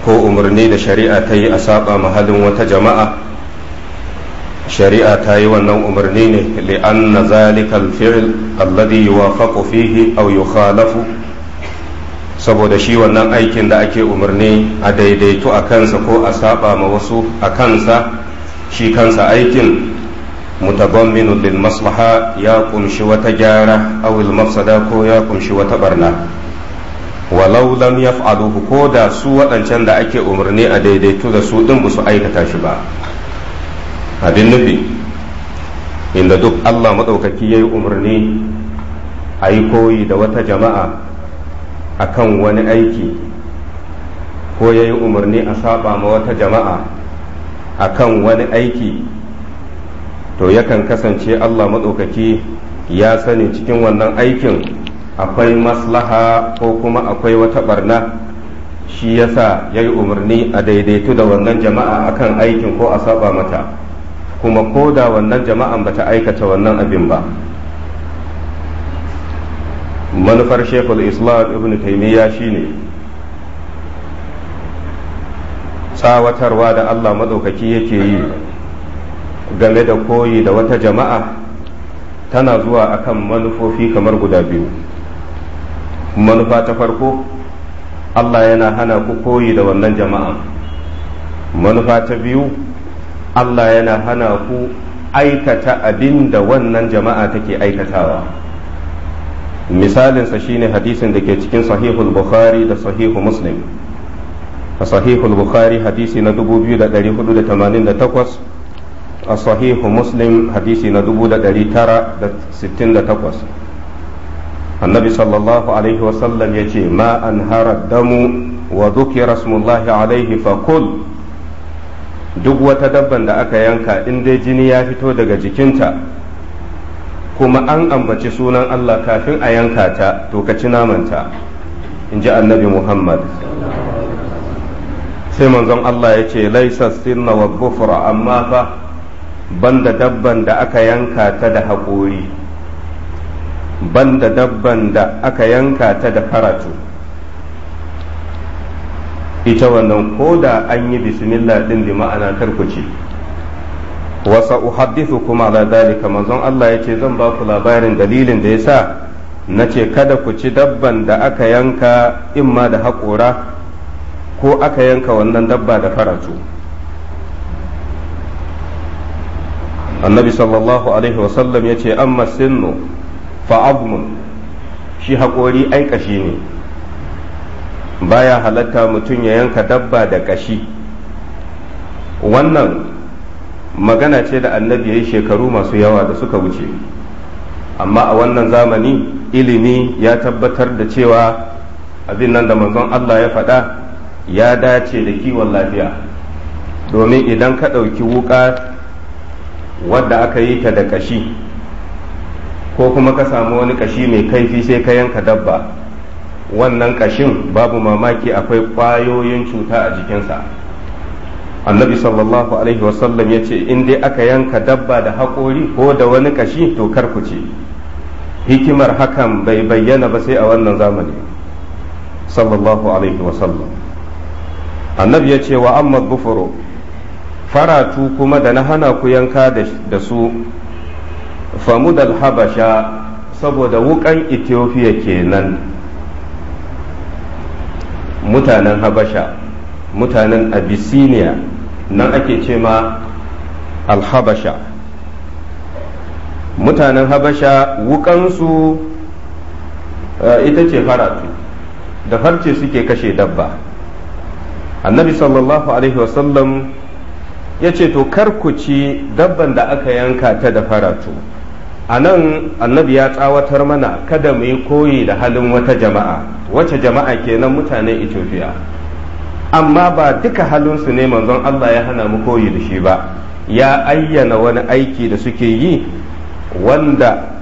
ko umarni da shari'a ta yi a saba halin wata jama'a shari'a ta yi wannan umarni ne li'anna zalikal fi'l alladhi yuwafaqu fihi aw yukhalafu saboda shi wannan aikin da ake umarni a daidaitu a kansa ko a saba ma wasu a kansa shi kansa aikin mutabamminu lil maslaha ya kumshi wata gyara awil mafsada ko ya kumshi wata barna walau lam yaf'aluhu ko da su waɗancan da ake umarni a daidaitu da su ɗin ba su aikata shi ba abin nufi inda duk Allah maɗaukaki ya yi umarni a yi koyi da wata jama'a akan wani aiki ko ya yi umarni a saba ma wata jama'a akan wani aiki to yakan kasance Allah maɗaukaki ya sani cikin wannan aikin akwai maslaha ko kuma akwai wata barna shi yasa ya yi umarni a daidaitu da wannan jama'a akan aikin ko a saba mata kuma ko da wannan jama'an bata aikata wannan abin ba. manufar shekul islam ibn taimiyya shine tsawatarwa da allah maɗaukaki yake yi game da koyi da wata jama'a tana zuwa akan manufofi kamar guda biyu manufa ta farko allah yana hana ku koyi da wannan jama'a manufa ta biyu allah yana hana ku aikata abin da wannan jama'a take aikatawa misalinsa shi ne hadisin da ke cikin sahihul bukhari da sahihu muslim a sahihul bukhari hadisi na 2488 a sahihu muslim hadisi na 1968 annabi sallallahu alaihi wasallam ya ce ma an harar damu wa zukira rasmullahi alaihi fakul duk wata dabban da aka yanka in dai jini ya fito daga jikinta kuma an ambaci sunan Allah kafin a yanka ta to ka ci namanta in ji annabi Muhammad sai manzon Allah ya ce laisa sinna wa gufra amma fa banda dabban da aka yanka ta da haƙori banda dabban da aka yanka ta da faratu ita wannan ko da an yi bismillah din bi ma'ana tarkuci wa kuma ala dalika manzon Allah yace zan ba ku labarin dalilin da yasa nace kada ku ci dabban da aka yanka imma da haƙora ko aka yanka wannan dabba da faratu annabi sallallahu alaihi wasallam ya ce amma sinnu fa'azmun shi haƙori ai kashi ne baya halatta mutum ya yanka dabba da ƙashi wannan magana ce da annabi ya shekaru masu yawa da suka wuce amma a wannan zamani ilimi ya tabbatar da cewa abin nan da manzon Allah ya faɗa ya dace da kiwon lafiya domin idan ka ɗauki wuƙa wadda aka yi ta da ƙashi ko kuma ka samu wani ƙashi mai kaifi sai ka yanka dabba wannan ƙashin babu mamaki akwai ƙwayoyin cuta a jikinsa. annabi sallallahu alaihi wasallam ya ce in dai aka yanka dabba da haƙori ko da wani kashi to kar ku ce hikimar hakan bai bayyana ba sai a wannan zamani sallallahu alaihi wasallam annabi ya ce wa amma gufuro faratu kuma da na hana ku yanka da su famudal habasha saboda wukan ethiopia kenan mutanen habasha mutanen abisiniya nan ake ce ma alhabasha mutanen habasha wukansu eh, ita ce faratu da farce suke kashe dabba annabi sallallahu alaihi wasallam ya ce to ku ci dabban da aka yanka ta da faratu a nan annabi ya tsawatar mana kada mu yi koyi da halin wata jama'a wace jama'a kenan mutanen ethiopia amma ba duka halinsu ne manzon Allah ya hana mu koyi da shi ba ya ayyana wani aiki da suke yi wanda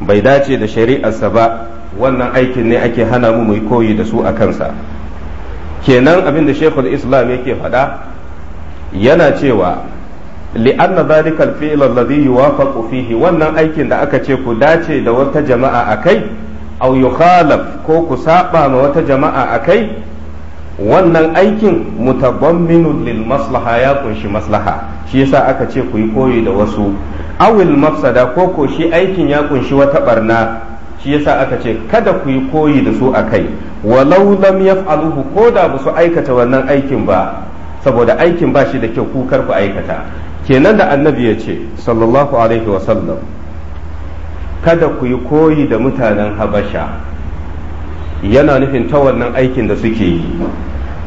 bai dace da shari'arsa ba wannan aikin ne ake hana mu mu koyi da su a kansa kenan abin da shekul islam yake faɗa yana cewa li'anna al fi'l alladhi yuwafaqu fihi wannan aikin da aka ce ku dace da wata jama'a akai aw yukhalaf ko ku saba ma wata jama'a akai wannan aikin mutabamminu lil maslaha ya kunshi maslaha shi yasa aka ce ku yi koyi da wasu awil mafsada ko ko shi aikin ya kunshi wata barna shi yasa aka ce kada ku yi koyi da su akai walau lam yaf'aluhu ko da basu su aikata wannan aikin ba saboda aikin ba shi da kyau ku kar ku aikata kenan da annabi ya ce sallallahu alaihi wa sallam kada ku yi koyi da mutanen habasha yana nufin ta wannan aikin da suke yi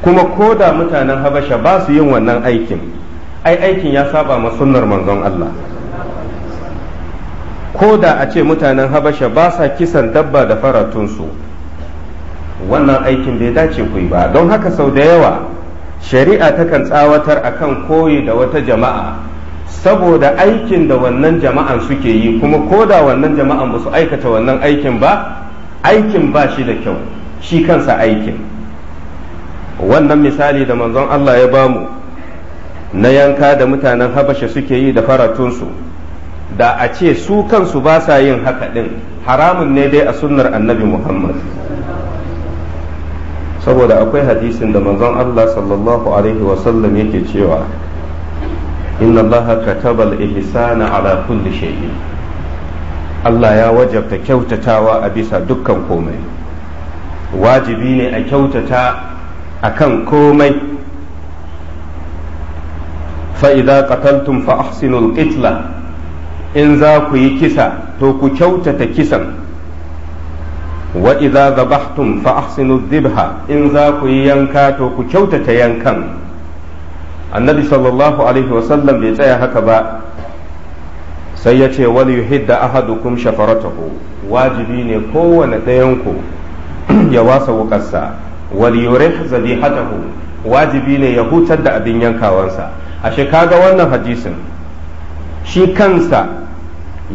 kuma ko da mutanen habasha ba su yin wannan aikin ai aikin ya saba ma sunnar manzon Allah ko da a ce mutanen habasha ba sa kisan dabba da faratunsu wannan aikin bai dace ku yi ba don haka sau da yawa shari'a takan tsawatar akan koyi da wata jama'a saboda aikin da wannan jama'an suke yi kuma ko da wannan jama'an ba su aikata wannan aikin ba aikin ba shi da kyau shi kansa aikin wannan misali da manzon Allah ya bamu na yanka da mutanen habasha suke yi da faratunsu da a ce su kansu ba sa yin haka ɗin haramun ne dai a sunnar annabi muhammad saboda akwai hadisin da manzon Allah sallallahu alaihi wasallam yake cewa inna allaha katabal ihsana ala kulli shay'in Allah ya wajabta kyautatawa a bisa dukkan komai wajibi ne a kyautata a kan komai fa'iza qataltum fa ahsinul qitla in za ku yi kisa to ku kyautata kisan wa'iza zabahtun fa ahsinul dibha in za ku yi yanka to ku kyautata yankan annabi sallallahu alaihi wasallam bai tsaya haka ba sai ya ce wal yuhidda ahadukum shafaratahu wajibi ne kowane ɗayanku ya wasa wukarsa wal yurih zabihatahu wajibi ne ya hutar da abin yankawansa ashe kaga wannan hadisin shi kansa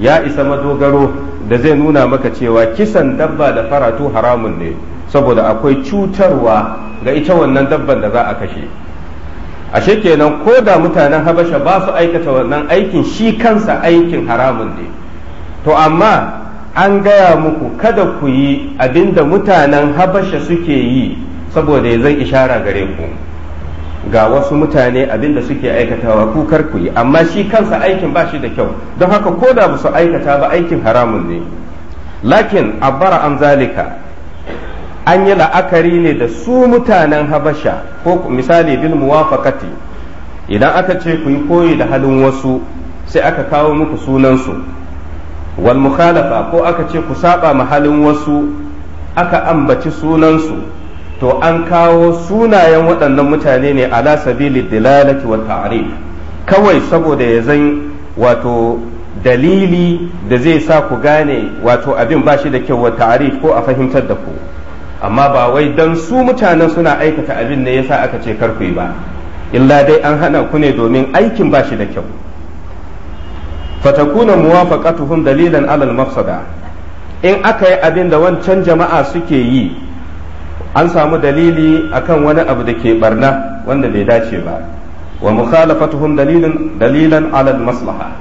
ya isa madogaro da zai nuna maka cewa kisan dabba da faratu haramun ne saboda akwai cutarwa ga ita wannan dabban da za a kashe ashe kenan ko da mutanen habasha ba su aikata wannan aikin shi kansa aikin haramun ne to amma an gaya muku kada ku yi abinda mutanen habasha suke yi saboda ya zai ishara gare ku ga wasu mutane abinda suke aikatawa ku kar ku yi amma shi kansa aikin ba shi da kyau don haka ko da ba su aikata ba aikin haramun ne lakin abara an zalika an yi la'akari ne da su mutanen habasha ko misali bil muwafaqati idan aka ce ku yi koyi da halin wasu sai aka kawo muku sunansu wal mukhalafa ko aka ce ku saba ma halin wasu aka ambaci sunansu to an kawo sunayen waɗannan mutane ne ala sabili dilalati wa ta'rif kawai saboda ya zan wato dalili da zai sa ku gane wato abin ba shi da kyau wa ta'rif ko a fahimtar da ku amma ba wai dan su mutanen suna aikata abin ne yasa aka ce kar ku ba illa dai an hana ku ne domin aikin ba shi da kyau fatakuna muwafaqatuhum dalilan alal mafsada in aka yi abin da wancan jama'a suke yi an samu dalili akan wani abu da ke barna wanda bai dace ba wa mukhalafatuhum dalilan dalilan alal maslaha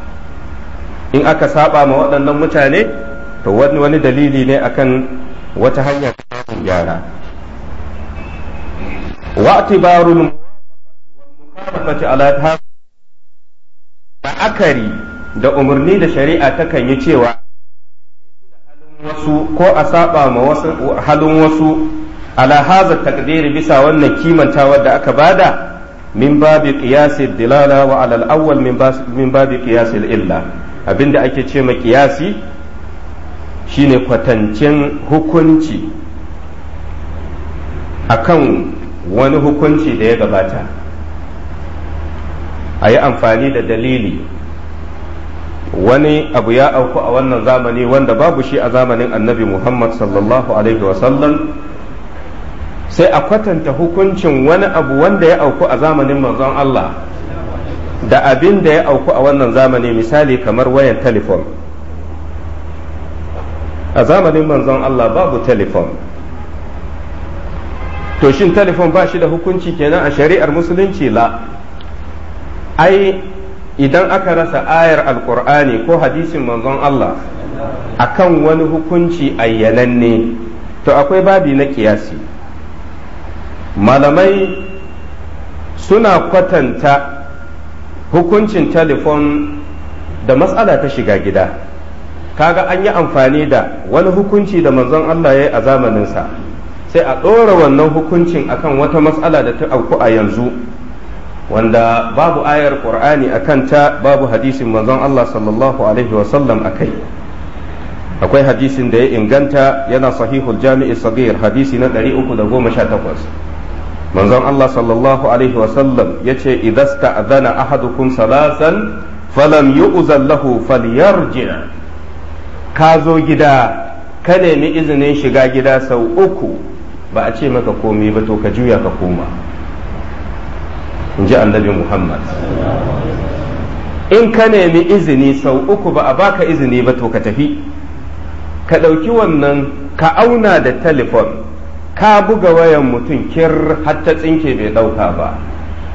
in aka saba ma waɗannan mutane to wani dalili ne akan wata hanya gyara wa'tibarul mukhalafati ala la'akari da umarni da shari'a takan yi cewa ko a saba ma wasu halin wasu ala haza takdiri bisa wannan kimantawa da aka bada min babi qiyasi dilala wa ala al-awwal min babi qiyasi illa abinda ake ce ma qiyasi shine kwatancin hukunci akan wani hukunci da ya gabata a yi amfani da dalili wani abu ya auku a wannan zamani wanda babu shi a zamanin annabi muhammad sallallahu alaihi wasallam sai a kwatanta hukuncin wani abu wanda ya auku a zamanin manzon allah da abin da ya auku a wannan zamani misali kamar wayan telefon a zamanin manzon allah babu telefon to shin telefon ba shi da hukunci kenan a shari'ar musulunci la ai idan aka rasa ayar alkur'ani ko hadisin manzon Allah akan wani hukunci ayyananne to akwai babi na kiyasi malamai suna kwatanta hukuncin telefon da matsala ta shiga gida kaga an yi amfani da wani hukunci da manzon Allah ya yi a zamaninsa sai a ɗora wannan hukuncin akan wata matsala da ta auku a yanzu wanda babu ayar qur'ani a kanta babu hadisin manzon Allah sallallahu alaihi a kai akwai hadisin da ya inganta yana sahihul jami'i sagir hadisi na 318 manzon Allah sallallahu alaihi ya ce idasta adana ahadukum salasan falam yu'zan lahu falyarji ka zo gida ka nemi izinin shiga gida sau uku ba a ce maka komai ba to ka juya ka koma in ji annabi muhammad in ka nemi izini sau uku ba a baka izini ba to ka tafi ka ɗauki wannan ka auna da telefon ka buga wayan mutum kir har ta tsinke bai ɗauka ba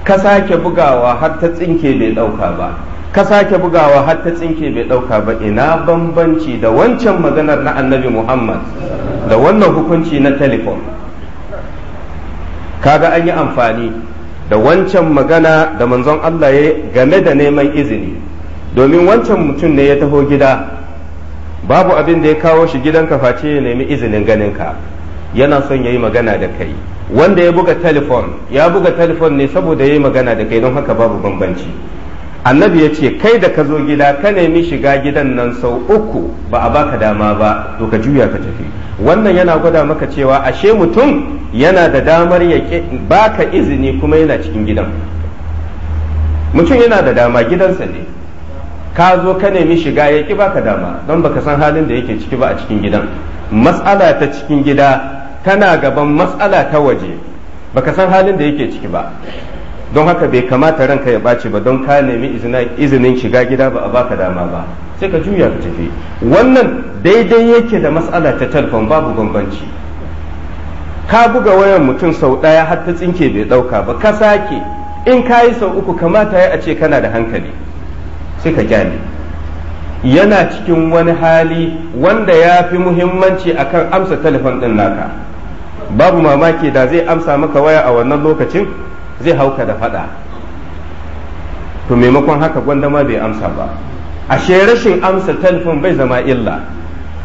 ka sake bugawa har ta tsinke bai ɗauka ba ka sake bugawa har ta tsinke bai ɗauka ba ina bambanci da wancan maganar na annabi muhammad da wannan hukunci na telefon kaga an yi amfani da wancan magana da manzon Allah ya game da neman izini domin wancan mutum ne ya taho gida babu abin da ya kawo shi gidan face ya nemi izinin ganinka yana son ya yi magana da kai wanda ya buga telefon ya buga telefon ne saboda ya yi magana da kai don haka babu bambanci annabi ya ce kai da ka zo gida ka nemi shiga gidan nan sau uku ba a baka dama ba to ka juya ka tafi wannan yana gwada maka cewa ashe mutum yana da damar ya baka izini kuma yana cikin gidan mutum yana da dama gidansa ne ka zo ka nemi shiga ya ki baka dama don baka san halin da yake ciki ba a cikin gidan matsala ta cikin gida tana gaban matsala ta waje baka san halin da yake ciki ba don haka bai kamata ranka ya ɓace ba don ka nemi izinin shiga gida ba a baka dama ba sai ka juya ka tafi wannan daidai yake da matsala ta telefon babu bambanci ka buga wayan mutum sau ɗaya har ta tsinke bai ɗauka ba ka sake in ka yi sau uku kamata ya a ce kana da hankali sai ka gyale yana cikin wani hali wanda ya fi muhimmanci akan amsa telefon ɗin naka babu mamaki da zai amsa maka waya a wannan lokacin zai hauka da faɗa to maimakon haka gwandama bai amsa ba ashe rashin amsa telefon bai zama illa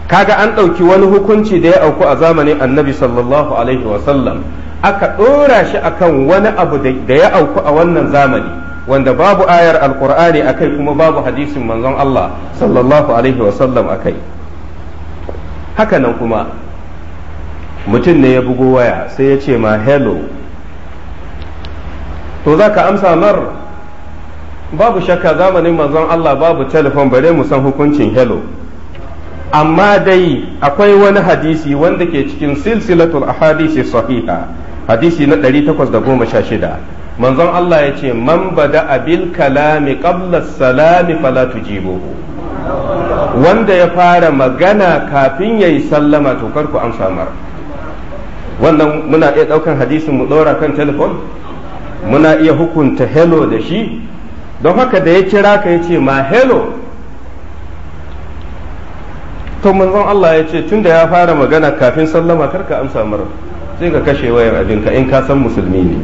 kaga an ɗauki wani hukunci da ya auku a zamanin annabi sallallahu alaihi wasallam aka ɗora shi akan wani abu da ya auku a wannan zamani wanda babu ayar alkur'ani a kai kuma babu hadisin manzon Allah sallallahu alaihi wasallam a kai hakanan kuma mutum ne ya bugo waya sai ya ce ma hello to za ka amsa mar babu shakka zamanin manzon Allah babu telefon bare mu san hukuncin hello amma dai akwai wani hadisi wanda ke cikin silsilatul ahadisi sahiha hadisi na 816 manzon Allah ya ce man bada abil kalami qabla salami fala tujibuhu wanda ya fara magana kafin yayi sallama to karku amsa mar wannan muna iya daukan hadisin mu dora kan telefon muna iya hukunta hello da shi don haka da ya kira ka ya ce ma hello to manzon Allah ya ce tunda ya fara magana kafin sallama karka amsa mara sai ka kashe wayar abinka in ka san musulmi ne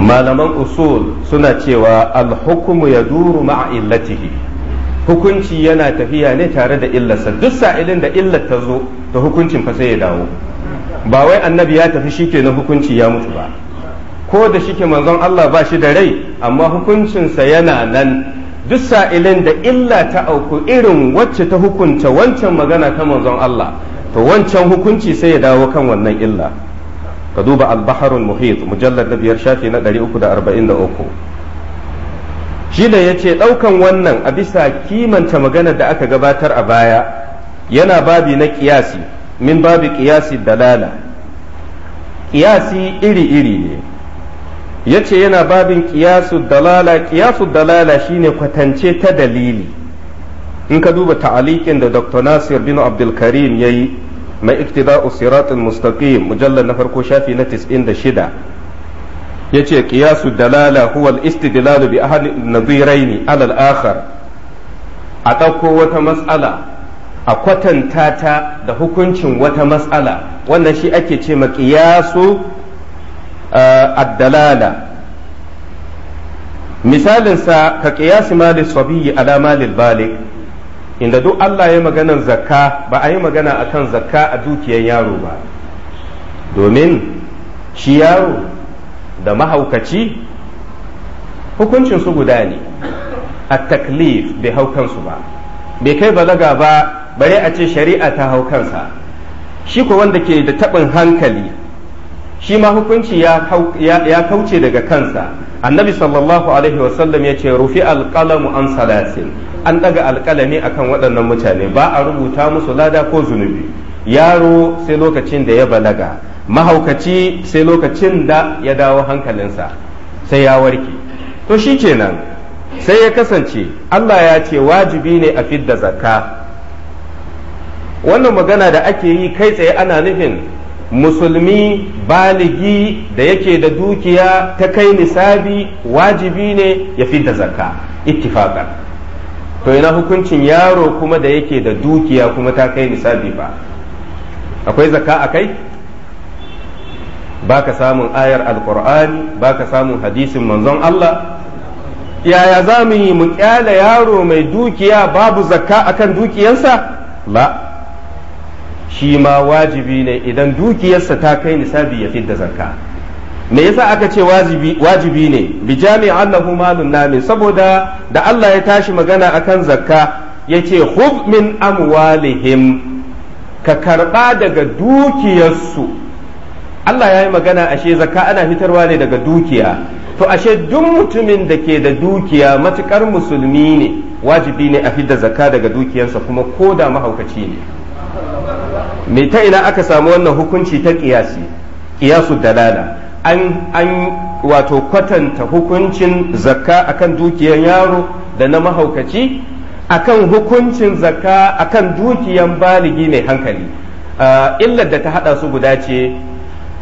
malaman usul suna cewa alhukumu ya duru ma'a illatihi hukunci yana tafiya ne tare da illarsa duk sa'ilin da illar ta zo da hukuncin fa sai ya dawo ba wai annabi ya tafi ke na hukunci ya mutu ba ko da shike manzon Allah ba shi da rai amma hukuncinsa yana nan duk sa'ilin da illa ta auku irin wacce ta hukunta wancan magana ta manzon Allah to wancan hukunci sai ya dawo kan wannan illa ka duba al-baharul muhit mujallad na biyar shafi na 343 shi ya ce ɗaukan wannan a bisa kimanta magana da aka gabatar a baya yana babi na kiyasi min babu qiyasi dalala qiyasi iri-iri ne yace yana babin qiyasu dalala qiyasu dalala shine kwatance ta dalili in ka duba ta'aliƙin da Dr. Nasir bin Abdulkarim ya yayi mai iktida'u siratul mustaqim mujallar na farko shafi na 96 yace qiyasu dalala huwal istidlalu bi ahadi nadhiraini ala alal akhar a ɗauko wata matsala a kwatanta ta da hukuncin wata matsala wannan shi ake ce maƙiyasu eh, addalala misalinsa ka ƙiyasi malin sabiyyi ala malil balik inda duk Allah ya maganan zakka ba a yi magana a kan zakka a dukiyar yaro ba domin shi yaro da mahaukaci hukuncin su guda ne a taklif bai hau kansu ba bai kai balaga ba Bari a ce shari'a ta hau kansa shi ko wanda ke da taɓin hankali shi ma hukunci ya kauce daga kansa annabi sallallahu alaihi wasallam ya ce rufi alƙalamu an salasin an ɗaga alƙalami akan waɗannan mutane ba a rubuta musu lada ko zunubi yaro sai lokacin da ya balaga mahaukaci sai lokacin da ya dawo hankalinsa sai ya warke to shi kenan sai ya kasance allah ya ce wajibi ne a fidda zakka wannan magana da ake yi kai tsaye ana nufin musulmi baligi da yake da dukiya ta kai nisabi wajibi ne ya fi da zakka ittifaqan to ina hukuncin yaro kuma da yake da dukiya kuma ta kai nisabi ba akwai zakka a kai baka samun ayar alqur'ani baka samun hadisin manzon Allah yaya za mu yi mu kyale yaro mai dukiya babu zakka akan dukiyansa la shi ma wajibi ne idan dukiyarsa ta kai nisabi ya fidda zakka me yasa aka ce wajibi ne bi jami'an annahu malun nami saboda da Allah ya tashi magana akan zakka yace hub min amwalihim ka karba daga dukiyarsu Allah ya yi magana ashe zakka ana fitarwa ne daga dukiya to ashe duk mutumin da ke da dukiya matukar musulmi ne wajibi ne a fidda zakka daga dukiyarsa kuma ko da mahaukaci ne me ta ina aka samu wannan hukunci ta kiyasi kiyasu dalala an an wato kwatanta hukuncin zakka akan dukiyar yaro da na mahaukaci akan hukuncin zakka akan dukiyar baligi mai hankali ah, illar da ta hada su guda ce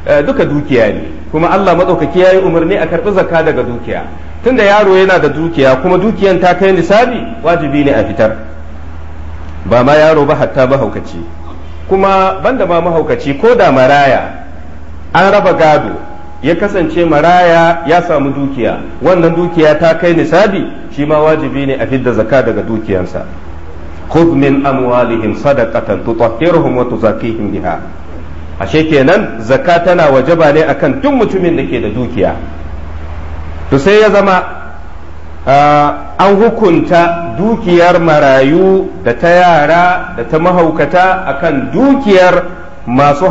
ah, duka dukiya ne kuma Allah matsaukaki ya yi umarni a karɓi zakka daga dukiya tunda yaro yana da dukiya kuma dukiyan ta kai nisabi wajibi ne a fitar ba ma yaro ba hatta mahaukaci kuma banda ma mahaukaci ko da maraya an raba gado ya kasance maraya ya samu dukiya wannan dukiya ta kai nisabi shi ma wajibi ne a fidda zaka daga dukiyansa khudh min amwalihim sadaqatan tutahhiruhum wa tuzakihim biha ashe kenan zaka tana wajaba ne akan tun mutumin da ke da dukiya to sai ya zama Ah, an hukunta dukiyar marayu da ta yara da ta mahaukata a kan dukiyar masu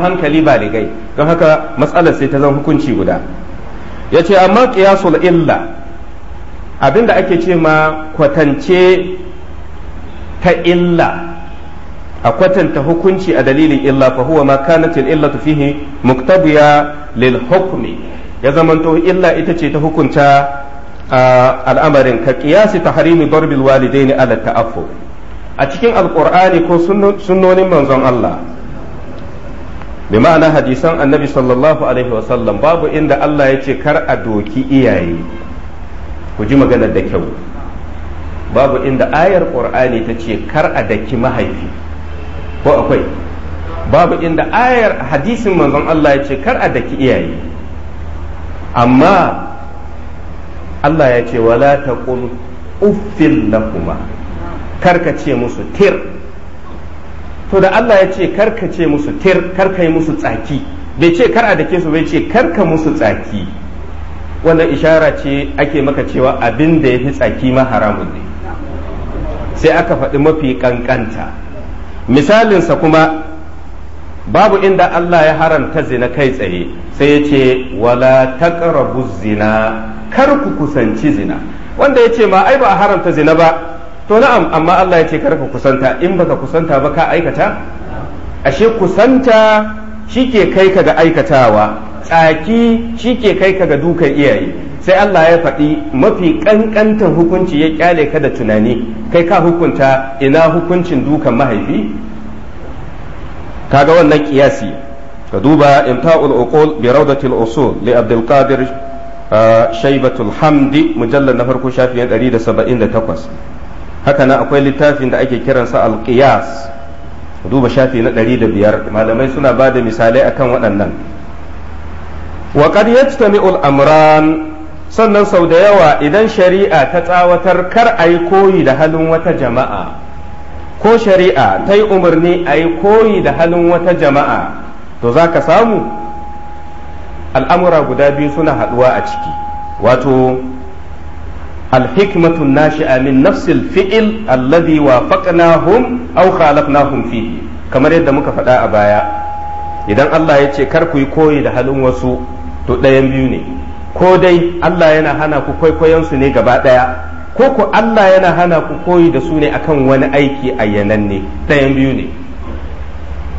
hankali baligai don haka matsalar sai ta zan hukunci guda ya ce amma ƙiyasul illa abinda ake ce ma kwatance ta illa a kwatanta hukunci a dalilin illa fa huwa ma kanat illa fihi muktabiya lil hukmi ya zamanto illa ita ce ta hukunta al'amarin ka qiyasi tahrimi darbil walidaini ala ta'affu a cikin alqur'ani ko sunnonin manzon Allah bi ma'ana hadisan annabi sallallahu alaihi wasallam babu inda Allah ya ce kar a doki iyaye ku ji maganar da kyau babu inda ayar qur'ani ta ce kar a daki mahaifi ko akwai babu inda ayar hadisin manzon Allah ya ce kar a daki iyaye amma Allah ya ce wala taqul uffil lakuma karka ce musu tir to da Allah ya ce karka ce musu tir karka yi musu tsaki bai ce kar a da ke su bai ce karka musu tsaki wanda ishara ce ake maka cewa abin da ya fi tsaki ma haramun ne sai aka faɗi mafi ƙanƙanta misalinsa kuma babu inda Allah ya haramta zina kai tsaye sai ya ce wala taqrabu zina kar ku kusanci zina wanda ya ce ma ai ba a haramta zina ba to na'am amma Allah yace ce kar ka kusanta in baka kusanta ba ka aikata ashe kusanta shike kai ka ga aikatawa tsaki shike kai ka ga dukan iyaye sai Allah ya faɗi mafi ƙanƙantar hukunci ya kyale ka da tunani kai ka hukunta ina hukuncin dukan mahaifi kaga wannan kiyasi ka duba imta'ul uqul bi rawdatil usul li abdul qadir shaibatul hamdi mujallar na farko shafiyan 178 haka nan akwai littafin da ake kiran kiransa alqiyas duba shafi na biyar malamai suna ba da misalai akan waɗannan wa qad yajtami'u amran sannan sau da yawa idan shari'a ta tsawatar kar a yi koyi da halin wata jama'a ko shari'a ta yi umarni a yi koyi da halin wata jama'a to za ka samu al'amura guda biyu suna haɗuwa a ciki wato alhikmatun nashi amin nafsil fi'il alladhi au na hum fi kamar yadda muka faɗa a baya idan Allah ya ce kar ku yi koyi da halin wasu to ɗayan biyu ne ko dai Allah yana hana ku kwaikwayon su ne gaba ɗaya ko ku Allah yana hana ku koyi da su ne akan wani aiki a yananne, ɗayan biyu ne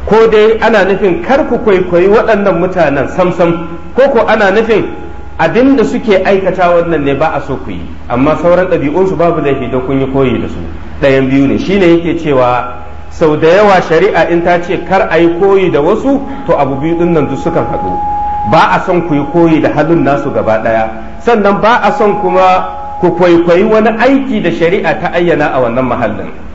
ko dai ana nufin kar ku kwaikwayi waɗannan mutanen samsam ko ko ana nufin abin da suke aikata wannan ne ba a so ku yi amma sauran ɗabi'unsu babu laifi don kun yi koyi da su ɗayan biyu ne shine yake cewa sau da yawa shari'a in ta ce kar a yi koyi da wasu to abu biyu ɗin nan duk sukan haɗu ba a son ku yi koyi da halin nasu gaba ɗaya sannan ba a son kuma ku kwaikwayi wani aiki da shari'a ta ayyana a wannan mahallin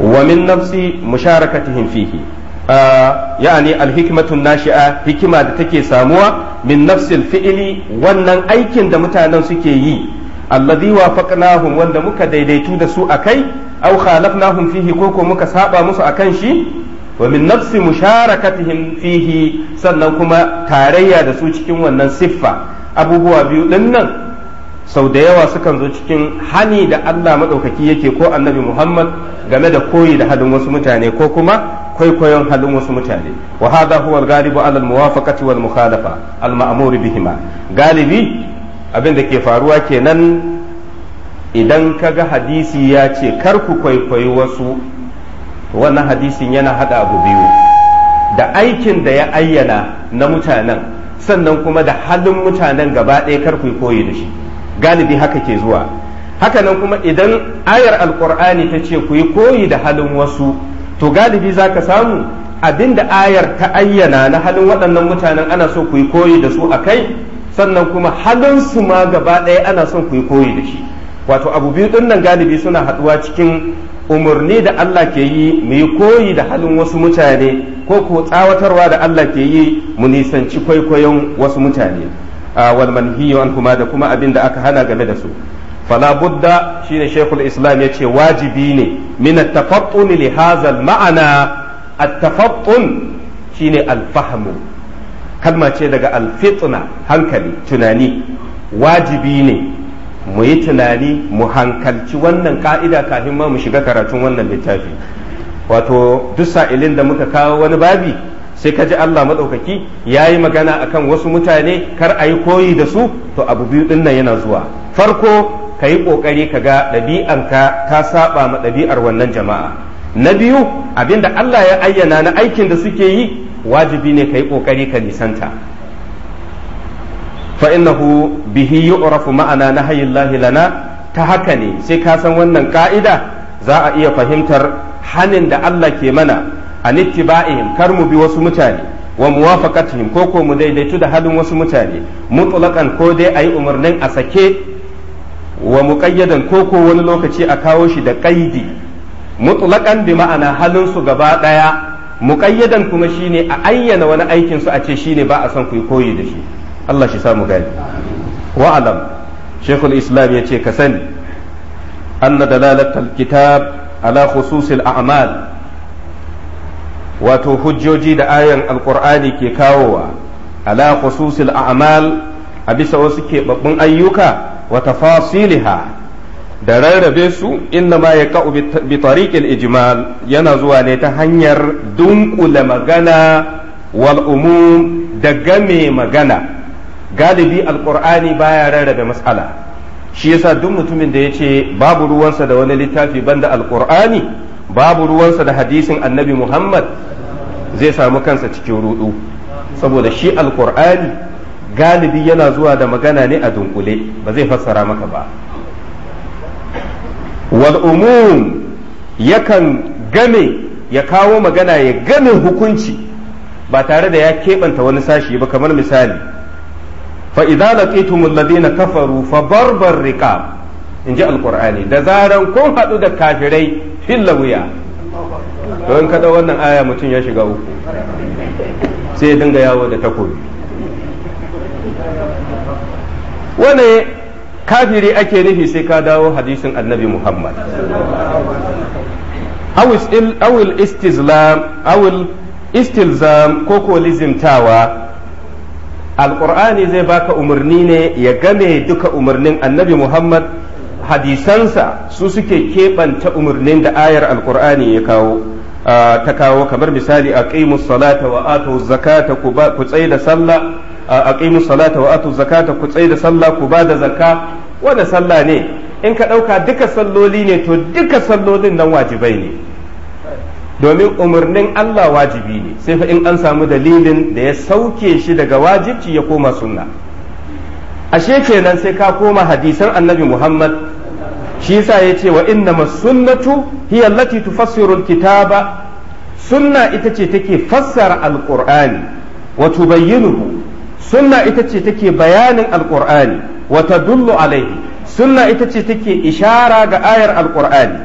wa min nafsi musharakatihim fihi ah, yani alhikmatun nashi'a hikima da take samuwa min nafsil fi'ili wannan aikin da mutanen suke yi alladhi wafaqnahum wanda muka daidaitu da su akai aw khalafnahum fihi ko ko muka saɓa musu akan shi wa min nafsi musharakatihim fihi sannan kuma tarayya da su cikin wannan siffa abubuwa biyu dinnan sau da yawa sukan zo cikin hani da Allah maɗaukaki yake ko annabi Muhammad game da koyi da halin wasu mutane ko kuma kwaikwayon halin wasu mutane wa hadha huwa al-ghalibu ala al-muwafaqati wal mukhalafa al-ma'mur bihima galibi abin da ke faruwa kenan idan ka ga hadisi ya ce kar ku kwaikwayi wasu wannan hadisin yana haɗa abu biyu da aikin da ya ayyana na mutanen sannan kuma da halin mutanen gaba ɗaya kar ku koyi da shi galibi haka ke zuwa hakanan kuma idan ayar alkur'ani ta ce ku yi koyi da halin wasu to galibi za ka samu abinda ayar ta ayyana na halin waɗannan mutanen ana so ku yi koyi da su a kai sannan kuma halin su ma gaba ɗaya ana son ku yi koyi da shi wato abu biyu ɗin galibi suna haɗuwa cikin umarni da Allah ke yi mu yi koyi da halin wasu mutane ko ko tsawatarwa da Allah ke yi mu nisanci kwaikwayon wasu mutane wal manhiyu anhuma da kuma abin da aka hana game da su fala budda shine shaykhul islam yace wajibi ne min at-tafattun li hadha al-ma'ana at tafaqqun shine al fahm kalma ce daga al-fitna hankali tunani wajibi ne mu yi tunani mu hankalci wannan ka'ida kafin ma mu shiga karatun wannan littafi wato duk sa'ilin da muka kawo wani babi sai ka ji Allah maɗaukaki ya yi magana a kan wasu mutane kar a yi koyi da su to abu biyu ɗin nan yana zuwa farko ka yi ƙoƙari ka ga ɗabi'anka ta saba ma ɗabi'ar wannan jama'a na biyu abinda Allah ya ayyana na aikin da suke yi wajibi ne ka yi ƙoƙari ka nisanta fa'innahu bihi yu'rafu ma'ana na lahi lana ta haka ne sai ka san wannan ka'ida za a iya fahimtar hanin da Allah ke mana an ittiba'ihim kar mu bi wasu mutane wa muwafaqatihim ko ko mu daidaitu da halin wasu mutane mutlaqan ko dai ayi umarnin a sake wa muqayyadan ko ko wani lokaci a kawo shi da kaidi mutlaqan bi ma'ana halin su gaba daya muqayyadan kuma shine a ayyana wani aikin su a ce shine ba a son ku koyi da shi Allah shi samu gani wa alam shaykhul islam yace ka sani anna dalalatul kitab ala khususil a'mal wato hujjoji da ayan alkur'ani ke kawowa ala khususil a'mal a bisa wasu keɓaɓɓun ayyuka wa tafasiliha da rarrabe su inna ma ya ka'u bi tariqil ijmal yana zuwa ne ta hanyar dunkula magana wal umum da game magana galibi Alƙur'ani baya rarrabe mas'ala shi yasa duk mutumin da yace babu ruwansa da wani littafi banda alkur'ani babu ruwansa da hadisin annabi muhammad zai samu kansa cikin rudu saboda shi alkur'ani galibi yana zuwa da magana ne a dunkule ba zai fassara maka ba wal umum yakan game ya kawo magana ya game hukunci ba tare da ya keɓanta wani sashi ba kamar misali fa idza laqitum alladhina kafaru fa barbar riqab in ji alƙur'ani da zarar kun haɗu da kafirai illa wuya to in kada wannan aya mutum ya shiga uku sai ya dinga yawo da takobi wane kafiri ake nufi sai ka dawo hadisin annabi muhammad awil istizlam awil istilzam ko ko lizimtawa alƙur'ani zai baka umarni ne ya game duka umarnin annabi muhammad hadisansa su suke keɓanta umarnin da ayar alkur'ani ya kawo ta kawo kamar misali a salata wa atu zakata ku tsaye da sallah a salata wa atu zakata ku tsaye da sallah ku ba da zakka wanda sallah ne in ka ɗauka duka salloli ne to duka sallolin nan wajibai ne domin umarnin Allah wajibi ne sai fa in an samu dalilin da ya sauke shi daga wajibci ya koma sunna ashe kenan sai ka koma hadisan annabi Muhammad shi yasa ce wa inna sunnatu hiya allati tufassiru alkitaba sunna ita ce take fassara alqur'ani wa tubayyinuhu sunna ita ce take bayanin alqur'ani wa tadullu alaihi sunna ita ce take ishara ga ayar alqur'ani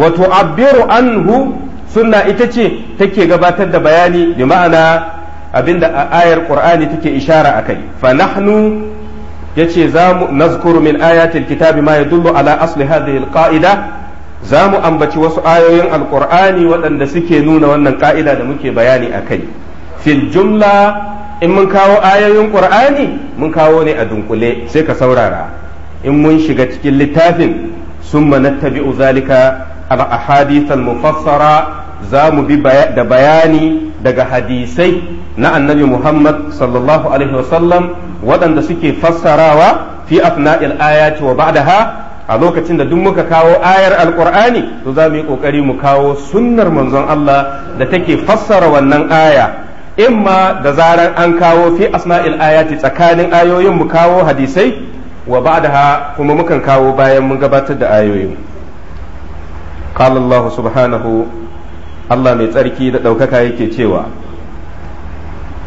wa tu'abbiru anhu sunna ita ce take gabatar da bayani bi ma'ana abinda ayar qur'ani take ishara akai fa nahnu yace za mu nazkuru min ayatil kitabi ma yadullu ala asli hadhihi alqaida za mu ambaci wasu ayoyin alqur'ani waɗanda suke nuna wannan ka'ida da muke bayani kai fil jumla in mun kawo ayoyin qur'ani mun kawo ne a dunkule sai ka saurara in mun shiga cikin littafin summa nattabi'u zalika al ahadith al mufassara za mu bi da bayani daga hadisai na annabi Muhammad sallallahu alaihi wasallam waɗanda suke fassarawa fi afna'il ayati wa ba'daha a lokacin da duk muka kawo ayar Alƙur'ani to za mu yi ƙoƙari mu kawo sunnar manzon Allah da take fassara wannan aya imma da zarar an kawo fi asma'il ayati tsakanin ayoyin mu kawo hadisai wa ba'daha kuma mukan kawo bayan mun gabatar da ayoyin qala Allah subhanahu Allah mai tsarki da ɗaukaka yake cewa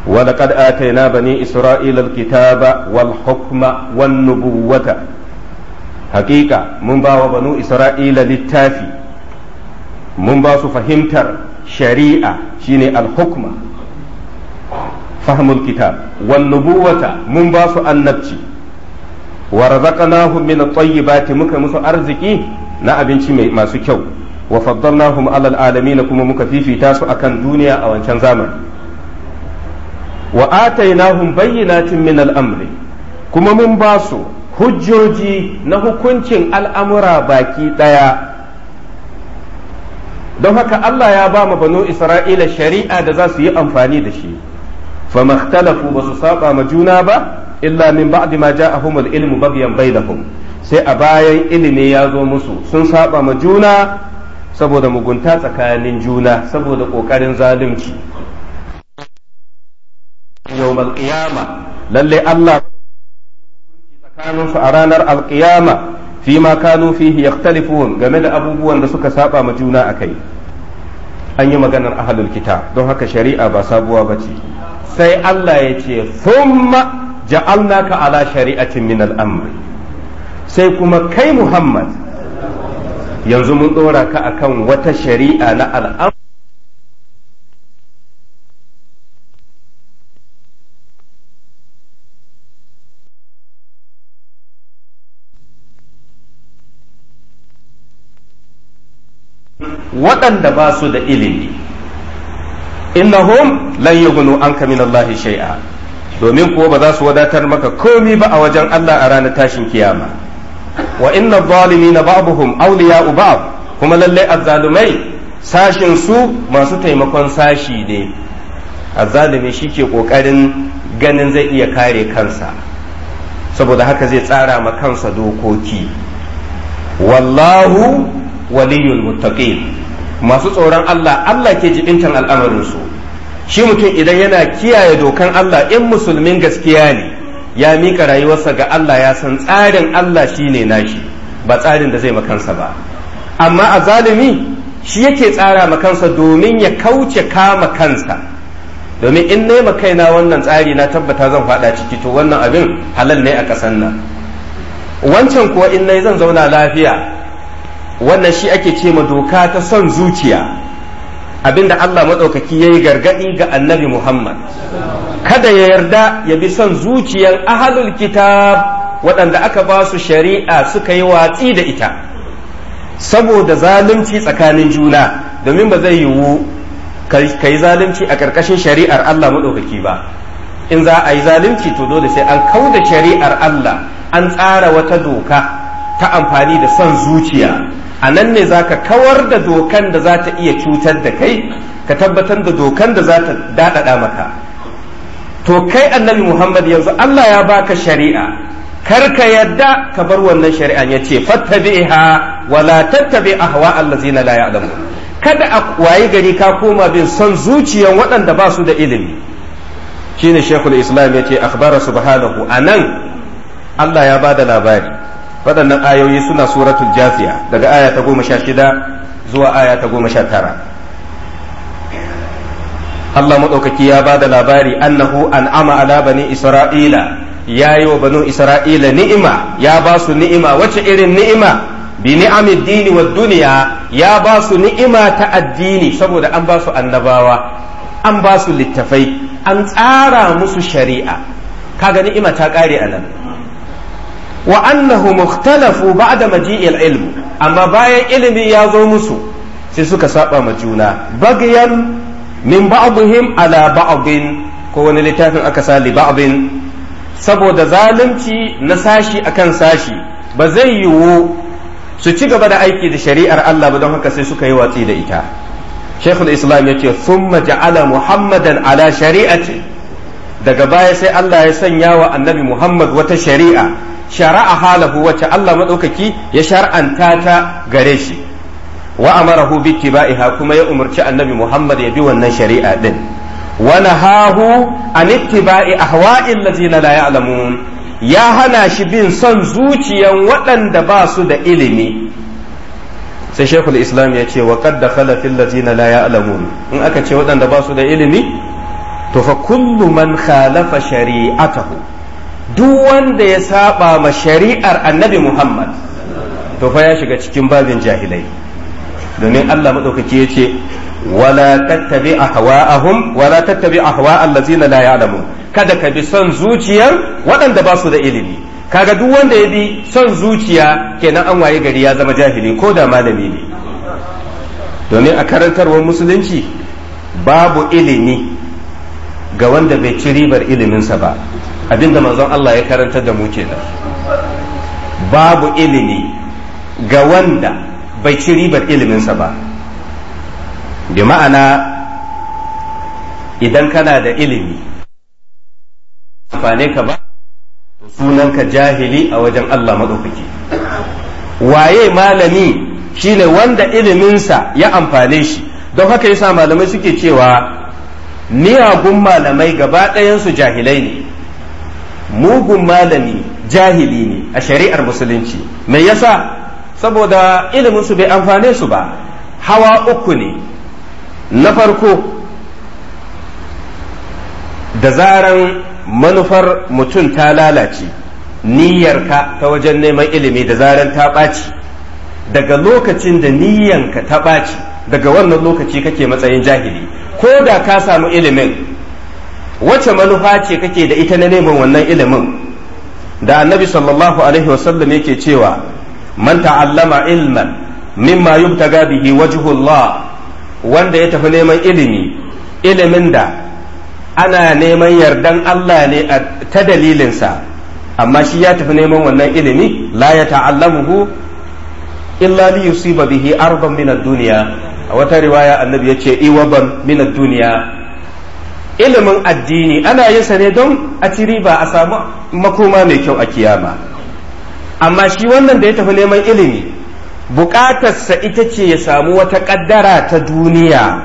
ولقد آتينا بني إسرائيل الكتاب والحكم والنبوة حقيقة من باو بنو إسرائيل للتافي من باو فهمتر شريعة شيني الحكم فهم الكتاب والنبوة من باو النبتي ورزقناهم من الطيبات مكرمس أرزقي na abinci mai masu kyau wa faddalnahum alal na kuma muka fifita su akan duniya a wancan zamani nahum atainahum bayyinatin min al'amri kuma mun ba su hujjoji na hukuncin al'amura baki ɗaya don haka Allah ya ba banu Isra'ila shari'a da za su yi amfani da shi fama ikhtalafu ba su saba ma juna ba illa min ba'di ma ja'ahumul ilmu bagyan bainahum sai a bayan ilimi ya zo musu sun saba ma juna saboda mugunta tsakanin juna saboda ƙoƙarin zalunci yawmal qiyama lalle Allah tsakaninsu a ranar alƙiyama fi ma kanu fihi yakhtalifun game da abubuwan da suka saba ma juna a kai. an yi maganar ahlul kita don haka shari'a ba sabuwa bace sai Allah ya ce thumma ja'alnaka ala shari'atin min al sai kuma kai Muhammad yanzu mun ɗora ka akan wata shari'a na al'am waɗanda ba su da ilimi innahum lan yughnu anka min Allahi shay'a domin kuwa ba za su wadatar maka komi ba a wajen Allah a ranar tashin kiyama wa inna zalimina ba'dhum awliya ba'd kuma lalle azzalumai sashin su masu taimakon sashi ne azzalumi shi ke kokarin ganin zai iya kare kansa saboda haka zai tsara ma kansa dokoki wallahu waliyul muttaqin masu tsoron Allah Allah ke jibintan al'amarin su shi mutum idan yana kiyaye dokan Allah in musulmin gaskiya ne ya mika rayuwarsa ga Allah ya san tsarin Allah shi ne nashi ba tsarin da zai makansa ba amma a zalimi shi yake tsara makansa domin ya kauce kama kansa domin in nema kaina wannan tsari na tabbata zan fada ciki to wannan abin halal ne a kasan nan wancan kuwa in yi zan zauna lafiya wannan shi ake ce ma doka ta son zuciya abinda Allah maɗaukaki ya yi gargaɗi ga annabi Muhammad kada ya yarda ya bi son zuciyar ahalul kitab waɗanda aka ba su shari'a suka yi watsi da ita saboda zalunci tsakanin juna domin ba zai yiwu ka yi zalunci a ƙarƙashin shari'ar Allah maɗaukaki ba in za a yi zalunci to dole sai an kau da shari'ar Allah an tsara wata doka ta amfani da son zuciya a nan ne za ka kawar da dokan da za ta iya cutar da kai ka tabbatar da dokan da za ta daɗaɗa maka to kai annabi muhammad yanzu allah ya baka shari'a kar ka yadda ka bar wannan shari'a ya ce fattabi'ha wala tattabi ahwa allazina la ya'lamu kada a wayi gari ka koma bin son zuciyan waɗanda ba su da ilimi shine shekul islam ya ce akhbara subhanahu anan allah ya bada labari waɗannan ayoyi suna suratul jafiya daga aya ta goma sha shida zuwa aya ta goma sha tara Allah maɗaukaki ya ba da labari annahu an'ama ala bani isra'ila ya yi wa banu isra'ila ni'ima ya ba su ni'ima wace irin ni'ima bi ni'amid dini wa duniya ya ba su ni'ima ta addini saboda an ba su annabawa an ba su littafai an tsara musu shari'a kaga ni'ima ta ƙare a nan wa annahu mukhtalafu ba'da maji'il ilmu amma bayan ilimi ya zo musu sai suka saba ma juna bagyan min ba'dihim ala ba'din ko wani littafin aka sa li ba'din saboda zalunci na sashi akan sashi ba zai yiwu su ci gaba da aiki da shari'ar Allah ba don haka sai suka yi watsi da ita Sheikhul Islam ya ce thumma ja'ala Muhammadan ala shari'ati daga baya sai Allah ya sanya wa Annabi Muhammad wata shari'a shari'a halahu wacce Allah madaukaki ya shar'anta ta gare shi wa amarahu bi tibaiha kuma ya umarci annabi Muhammad ya bi wannan shari'a din wa nahahu an ittiba'i ahwa'il ladzina la ya'lamun ya hana shi bin son zuciyan waɗanda ba su da ilimi sai shekul islam ya ce wa qad dakhala fil ladzina la ya'lamun in aka ce waɗanda ba su da ilimi to fa kullu man khalafa shari'atahu duk wanda ya saba ma shari'ar annabi Muhammad to fa ya shiga cikin babin jahilai domin Allah ya yace wala tattabi ahwa'ahum wala tattabi ahwa allazina la ya'lamu kada ka bi son zuciyar waɗanda ba su da ilimi kaga duk wanda ya bi son zuciya kenan an waye gari ya zama jahili ko da malami ne domin a karantarwar musulunci babu ilimi ga wanda bai ci ribar iliminsa ba abinda manzon Allah ya karantar da mu kenan babu ilimi ga wanda bai ci ribar iliminsa ba da ma'ana idan kana da ilimi amfane ka ba sunanka jahili a wajen Allah maɗaukaki waye malami shine wanda iliminsa ya amfane shi don haka yasa malamai suke cewa miyagun malamai gaba ɗayansu jahilai ne mugun malami jahili ne a shari'ar musulunci me yasa saboda ilimin su bai amfane su ba hawa uku ne na farko da zaran manufar mutum ta lalace niyyarka ta wajen neman ilimi da zaran ta ɓaci daga lokacin da niyyanka ta ɓaci daga wannan lokaci kake matsayin jahili ko da ka samu ilimin wace manufa ce kake da ita na neman wannan ilimin da annabi sallallahu alaihi wasallam yake cewa man ta'allama ilman mimma yubtaga bihi wajhullah wanda ya tafi neman ilimi ilimin da ana neman yardan Allah ne ta dalilinsa amma shi ya tafi neman wannan ilimi la ya ta'allamuhu illa li yusiba bihi arban min ad-dunya a wata riwaya annabi ya ce iwaban min ad-dunya ilimin addini ana yin sa ne don a ba a samu makoma mai kyau a kiyama amma shi wannan da ya tafi neman ilimi bukatarsa ita ce ya samu wata kaddara ta duniya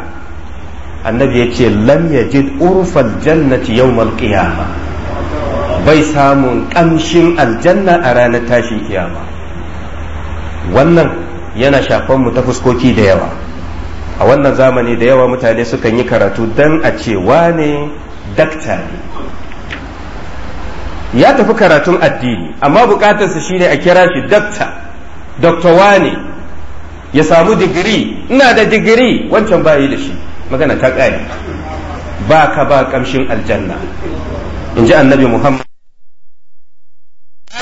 annabi ya ce lam yajid urfal jannati yawmal qiyama bai samun kamshin aljanna a ranar tashin kiyama wannan yana shafan mu ta fuskoki da yawa a wannan zamani da yawa mutane sukan yi karatu don a ce wane dakta ne ya tafi karatun addini amma bukatarsa shine a kira shi dakta dokta wane ya samu digiri ina da digiri wancan bayi da shi magana ta ƙare ba ka ba kamshin aljanna in ji annabi muhammad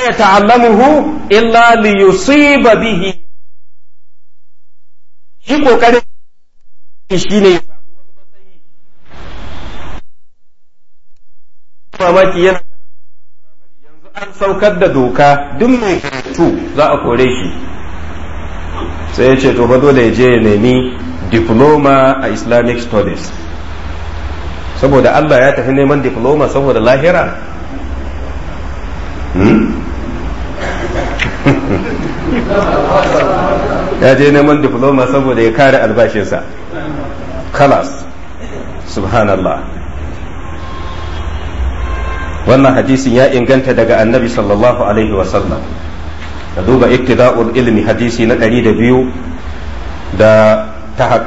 ya ta'allamuhu illa li yusiba bihi shi kokarin shine ya samu wani matsayi mamaki yana an saukar da doka duk mai karatu za a kore shi sai ya ce to fa dole ya je ya nemi diploma a islamic studies saboda allah ya tafi neman diploma saboda lahira hmm? ya je neman diploma saboda ya kare albashinsa kalas subhanallah wannan hadisin ya inganta daga annabi sallallahu alaihi wasallam da duba iktida'ul ilmi hadisi na 200 da biyu da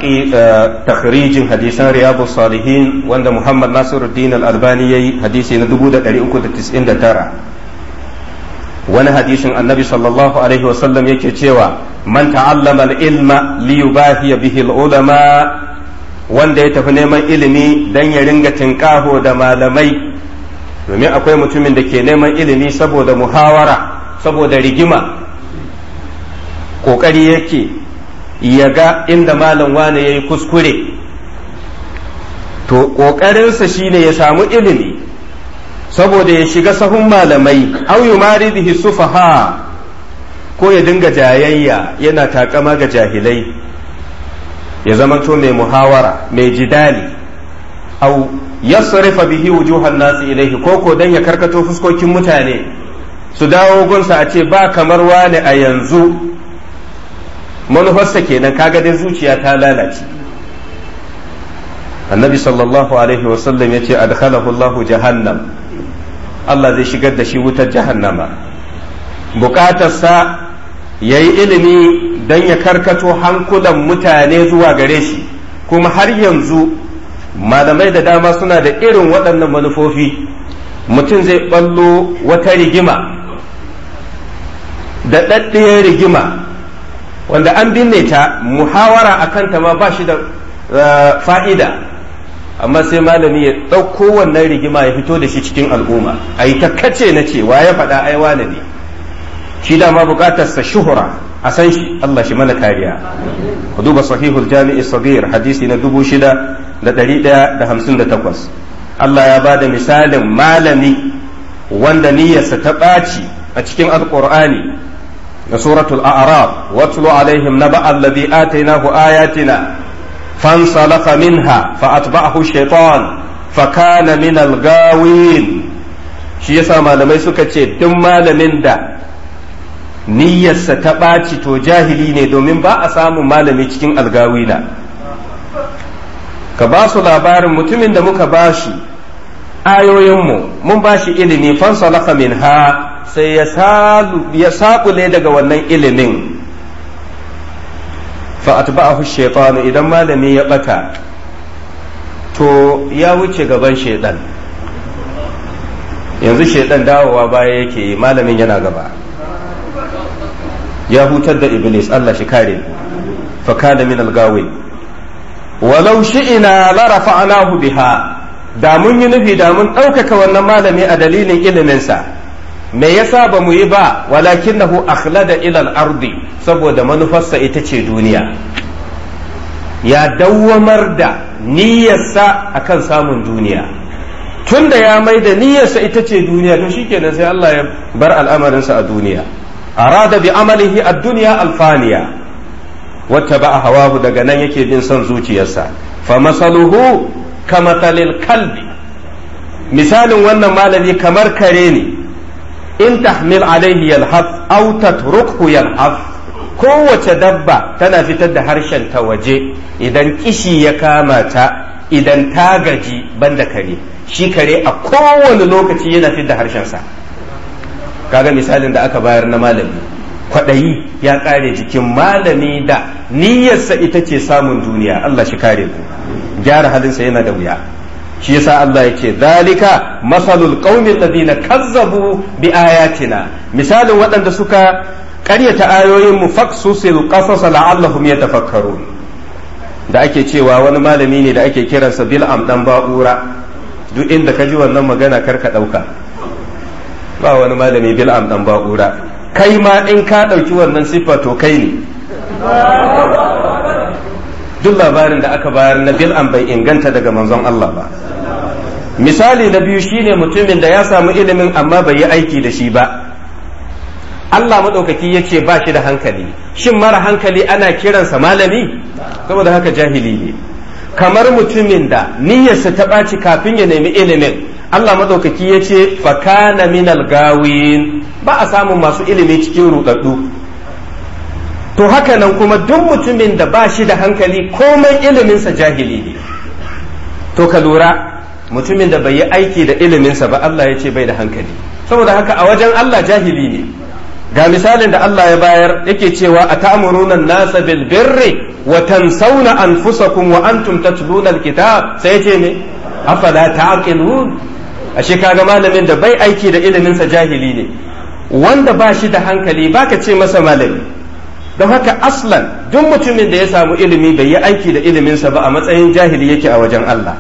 eh, takhrijin hadisan riyadu salihin wanda muhammad nasiruddin al-albani yayi hadisi na 399 wani hadisin annabi sallallahu alaihi wasallam yake cewa man ta'allama al-ilma li yubahiya bihi al-ulama wanda ya tafi neman ilimi dan ya ringa tinkaho da malamai domin akwai mutumin da ke neman ilimi saboda muhawara saboda rigima ƙoƙari yake ya ga inda malam wane ya yi kuskure to ƙoƙarinsa shine ya samu ilimi saboda ya shiga sahun malamai au yumaridihi sufaha ko ya dinga jayayya yana takama ga jahilai ya zama zamanto mai muhawara mai jidali au yasrifa bihi wujuhan nasi ilaihi koko dan ya karkato fuskokin mutane su dawo gunsa a ce ba kamar wani a yanzu manufarsa kenan kaga dai zuciya ta lalace annabi sallallahu alaihi wasallam ya ce adkhalahu Allahu jahannam Allah zai shigar da shi wutar jahannama bukatarsa ya yi ilimi don ya karkato hankulan mutane zuwa gare shi kuma har yanzu malamai da dama suna da irin waɗannan manufofi mutum zai ɓallo wata rigima da ɗaɗɗiyar rigima wanda an binne ta muhawara a kanta ma ba shi da eh, fa'ida amma sai malami ya ɗauko wannan rigima ya fito da shi cikin al'umma a yi ta kace na cewa ya faɗa aiwa ne shi dama sa shuhura a san shi Allah shi mana kariya ku duba sahihul jami'i sabir hadisi na dubu shida da ɗari ɗaya da hamsin da takwas Allah ya bada misalin malami wanda niyyarsa ta ɓaci a cikin alƙur'ani Na suratul a'raf watlu alaihim naba alladhi atainahu ayatina fansalakha minha fa atba'ahu shaytan fa kana min al-gawin shi yasa malamai suka ce duk malamin da niyyarsa ta ɓaci to jahili ne domin ba a samun malami cikin algawina ka ba su labarin mutumin da muka ba shi ayoyinmu mun ba shi ilimi fansalaka min ha sai ya saƙule daga wannan ilimin Fa fa'atba'ahu shaitanu idan malami ya ɓata to ya wuce gaban shaiɗan yanzu shaiɗan dawowa baya yake malamin yana gaba ya hutar da iblis Allah shi kare fa kana min al walau shi'ina la rafa'nahu biha da mun yi nufi da mun ɗaukaka wannan malami a dalilin iliminsa me yasa ba mu yi ba walakinahu akhlada ila al-ardi saboda manufarsa ita ce duniya ya dawwamar da niyyarsa akan samun duniya Tunda ya mai da niyyarsa ita ce duniya to shikenan sai Allah ya bar al'amarinsa a duniya arada bi amalihi ad-dunya al-faniya wata ba hawahu daga nan yake bin son zuciyarsa fa masaluhu kamathalil kalbi misalin wannan malami kamar kare ni in tahmil alaihi yalhaf aw tatrukhu yalhaf kowace dabba tana fitar da harshen ta waje idan kishi ya kama ta idan ta gaji banda kare shi kare a kowane lokaci yana fitar da harshensa kaga misalin da aka bayar na malami kwaɗayi ya ƙare jikin malami da niyyarsa ita ce samun duniya Allah shi kare ku gyara halinsa yana da wuya shi yasa Allah ya ce zalika masalul qaumi alladhina kazzabu bi ayatina misalin waɗanda suka ƙaryata ayoyin mu faqsusil qasas la'allahum yatafakkarun da ake cewa wani malami ne da ake kiransa bil'am dan ba'ura duk inda ka ji wannan magana karka ɗauka ba wani malami bil'am dan ba'ura kai ma in ka ɗauki wannan siffa to kai ne duk labarin da aka bayar na bil'am bai inganta daga manzon Allah ba misali na biyu shine mutumin da ya samu ilimin amma bai yi aiki da shi ba Allah maɗaukaki ya ce ba shi da hankali shin mara hankali ana kiransa malami saboda haka jahili ne kamar mutumin da niyyarsa ta ɓaci kafin ya nemi ilimin Allah madaukaki ya ce fakana minal gawin ba a samun masu ilimi cikin rudaddu to haka nan kuma duk mutumin da ba shi da hankali komai iliminsa jahili ne to ka lura mutumin da bai yi aiki da iliminsa ba Allah ya ce bai da hankali saboda haka a wajen Allah jahili ne ga misalin da Allah ya bayar yake cewa a ta'amuruna nasa bil birri wa tansawna anfusakum wa antum tatluna alkitab sai ce ne afala ta'qilun ashe kaga malamin da bai aiki da iliminsa jahili ne wanda ba shi da hankali ka ce masa malami don haka aslan duk mutumin da ya samu ilimi bai yi aiki da iliminsa ba a matsayin jahili yake a wajen Allah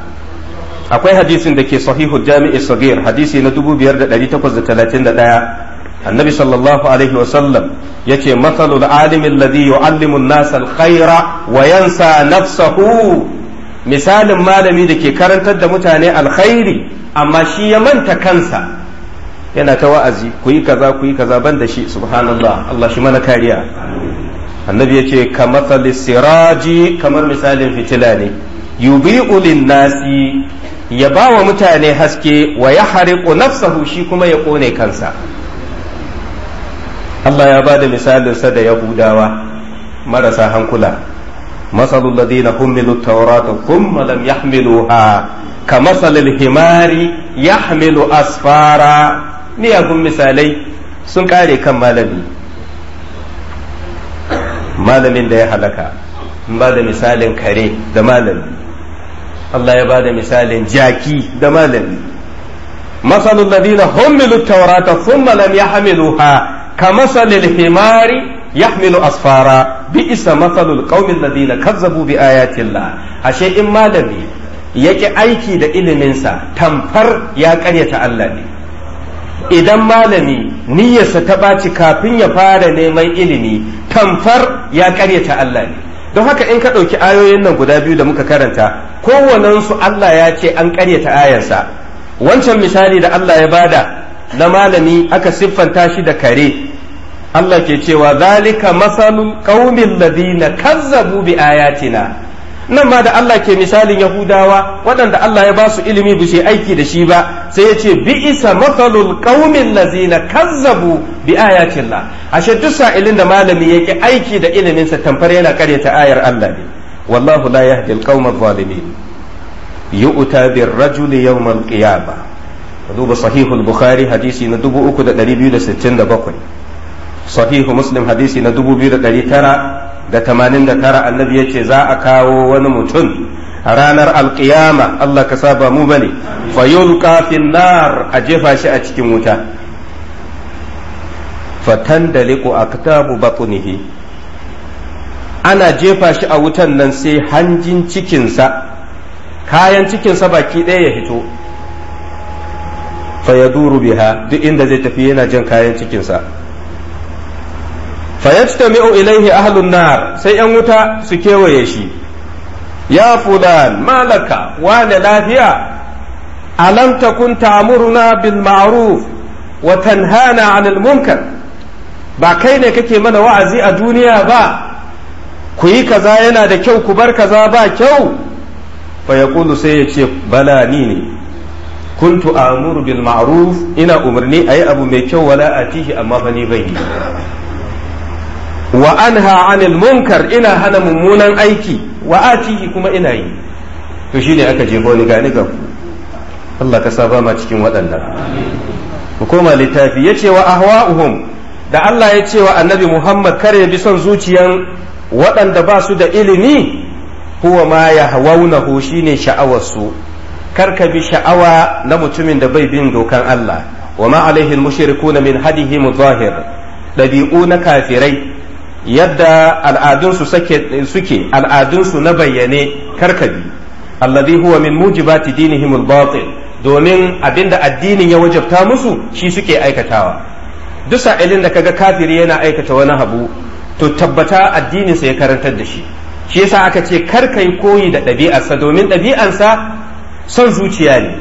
akwai hadisin da ke sahihu jami'i sagir hadisi na 5831 annabi sallallahu alaihi wasallam ya ce matsalul alimin ladhi yu'allimun nasa alkhaira khaira wa yansa nafsahu misalin malami da ke karantar da mutane alkhairi amma shi ya manta kansa yana ta wa'azi ku yi kaza ku yi kaza ban da shi subhanallah Allah shi mana kariya annabi ya ce ka matsali siraji kamar misalin fitila ne yubi'u nasi ya ba wa mutane haske wa ya hariƙo nafsahu shi kuma ya ƙone kansa Allah ya ba da misalinsa da yahudawa marasa hankula مثل الذين حملوا التوراة ثم لم يحملوها كمثل الحمار يحمل أسفارا kan malami ya ba da misalin jaki da malami masalul ka masalil himari yahmilu asfara bi'sa mathalul qaumil ladina kazzabu bi tilla ashe in malami ƙi aiki da iliminsa tamfar ya karyata Allah ne idan malami niyyarsa ta baci kafin ya fara neman ilimi tamfar ya karyata Allah ne don haka in ka ɗauki ayoyin nan guda biyu da muka karanta kowanensu Allah ya ce an ƙaryata ayarsa wancan misali da Allah ya bada na malami aka siffanta shi da kare Allah ke cewa zalika masalul qaumil ladina kazzabu bi ayatina nan ma da Allah ke misalin Yahudawa waɗanda Allah ya ba su ilimi ba su aiki da shi ba sai ya ce bi isa masalul ƙaumin lazina kazzabu bi ayatin ashe duk sa'ilin da malami yake aiki da iliminsa tamfar yana karyata ayar Allah ne wallahu la yahdi alqawma zalimin yu'ta bir rajul yawm al-qiyamah duba sahihul bukhari hadisi na 3267 sahihu muslim hadisi na 2989 annabi yace za a kawo wani mutum a ranar alkiyama Allah ka saba mu bane fayulqa kafin nar a jefa shi a cikin wuta a aktabu batnihi ana jefa shi a wutan nan sai hanjin cikinsa kayan cikinsa baki ɗaya ya fito fayaduru biha duk inda zai tafi yana jan kayan cikinsa fayajtami'u ilaihi ahlun nar sai yan wuta su kewaye shi ya fulan malaka wane lafiya alamta takun ta'muruna bil ma'ruf wa tanhana 'anil munkar ba kai ne kake mana wa'azi a duniya ba ku yi kaza yana da kyau ku bar kaza ba kyau fa yaqulu sai yace ce bala ni ne kuntu amuru bil ma'ruf ina umarni a yi abu mai kyau wala atihi amma fa ni bai wa anha anil munkar ina hana mummunan aiki wa atihi kuma ina yi to shine aka je ni gani ga ku Allah ka saba ma cikin waɗannan ku koma littafi yace wa ahwa'uhum da Allah ya ce wa annabi Muhammad kare bi son zuciyan waɗanda ba su da ilimi huwa ma yahwaunahu shine sha'awarsu kar ka bi sha'awa na mutumin da bai bin dokan Allah wa ma alaihi mushrikuna min hadihi muzahir dabi'u na kafirai yadda al'adunsu suke al'adunsu na bayyane karkabi alladhi huwa min mujibati dinihim al-batil domin abinda addinin ya wajabta musu shi suke aikatawa duk sa'ilin da kaga kafiri yana aikata wani habu to tabbata addinin sa ya karantar da shi shi yasa aka ce kar koyi da ɗabi'arsa domin ɗabi'arsa son zuciya ne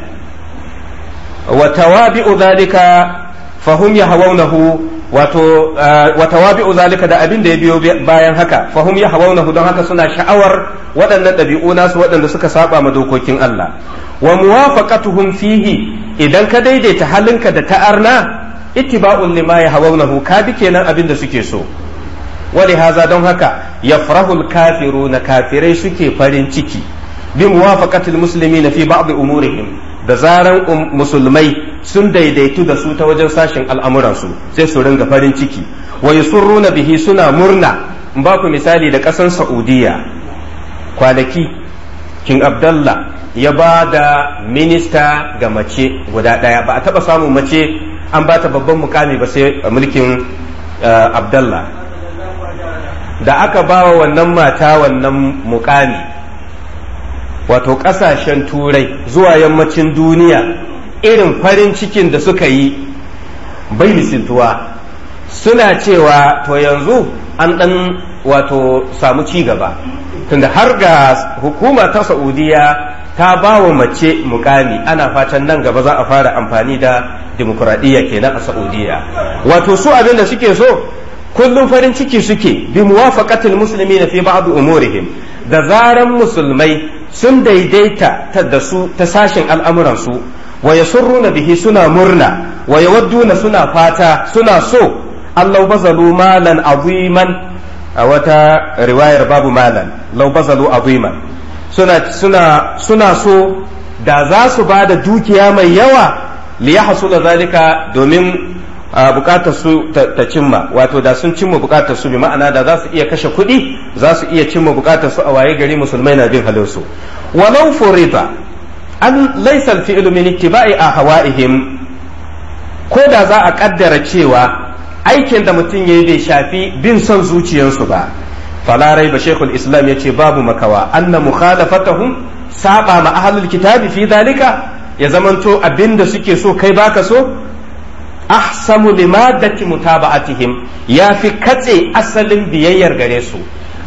wa tawabi'u dhalika fahum yahawunahu wato ah, watawabi'u zalika da abin da ya biyo bayan haka fahum yahawunahu don haka suna sha'awar waɗannan ɗabi'u nasu waɗanda suka saba ma dokokin Allah wa muwafaqatuhum fihi idan ka daidaita halinka da ta'arna ittiba'un lima nahu ka bi kenan abin da suke so wali haza don haka yafrahul kafiruna kafirai suke farin ciki bi muwafaqatil muslimina fi ba'd umurihim da zaran um, musulmai sun daidaitu da su ta wajen sashen al'amuransu sai su ringa farin ciki sun runa bihi suna murna ba ku misali da ƙasan saudiya kwanaki king abdallah ya ba da minista ga mace guda ɗaya ba a taɓa samun mace an ba ta babban mukami ba sai mulkin uh, abdallah da aka ba wa wannan mata wannan mukami wato ƙasashen turai zuwa yammacin duniya irin farin cikin da suka yi bai misintuwa suna cewa to yanzu an ɗan wato samu ci gaba tunda har ga hukuma ta saudiya ta ba wa mace mukami ana fatan nan gaba za a fara amfani da dimokuraɗiyya kenan a saudiya wato su abin da suke so kullum farin ciki suke bi musulmi na fi ba'd umurihim da zaran musulmai sun daidaita ta da su ta sashen al'amuransu wa runa bihi suna murna wa yawadduna suna fata suna so allau bazalu malan aziman a wata riwayar babu malan lau bazalu aziman suna suna suna so da za su ba da dukiya mai yawa li yahsula zalika domin bukatar su ta cimma wato da sun cimma bukatar su bi ma'ana da za su iya kashe kuɗi za su iya cimma bukatar su a waye gari musulmai na bin halinsu. Wa walau furida an laysa al-fi'lu min ittiba'i ahwa'ihim ko da za a kaddara cewa aikin da mutum ya yi bai shafi bin son zuciyarsu ba Falarai ba shaykhul islam ce babu makawa anna mukhalafatahum saba ma ahlul kitabi fi dalika ya zamanto abinda suke so kai baka so ahsamu limadati mutaba'atihim ya fi katse asalin biyayyar gare su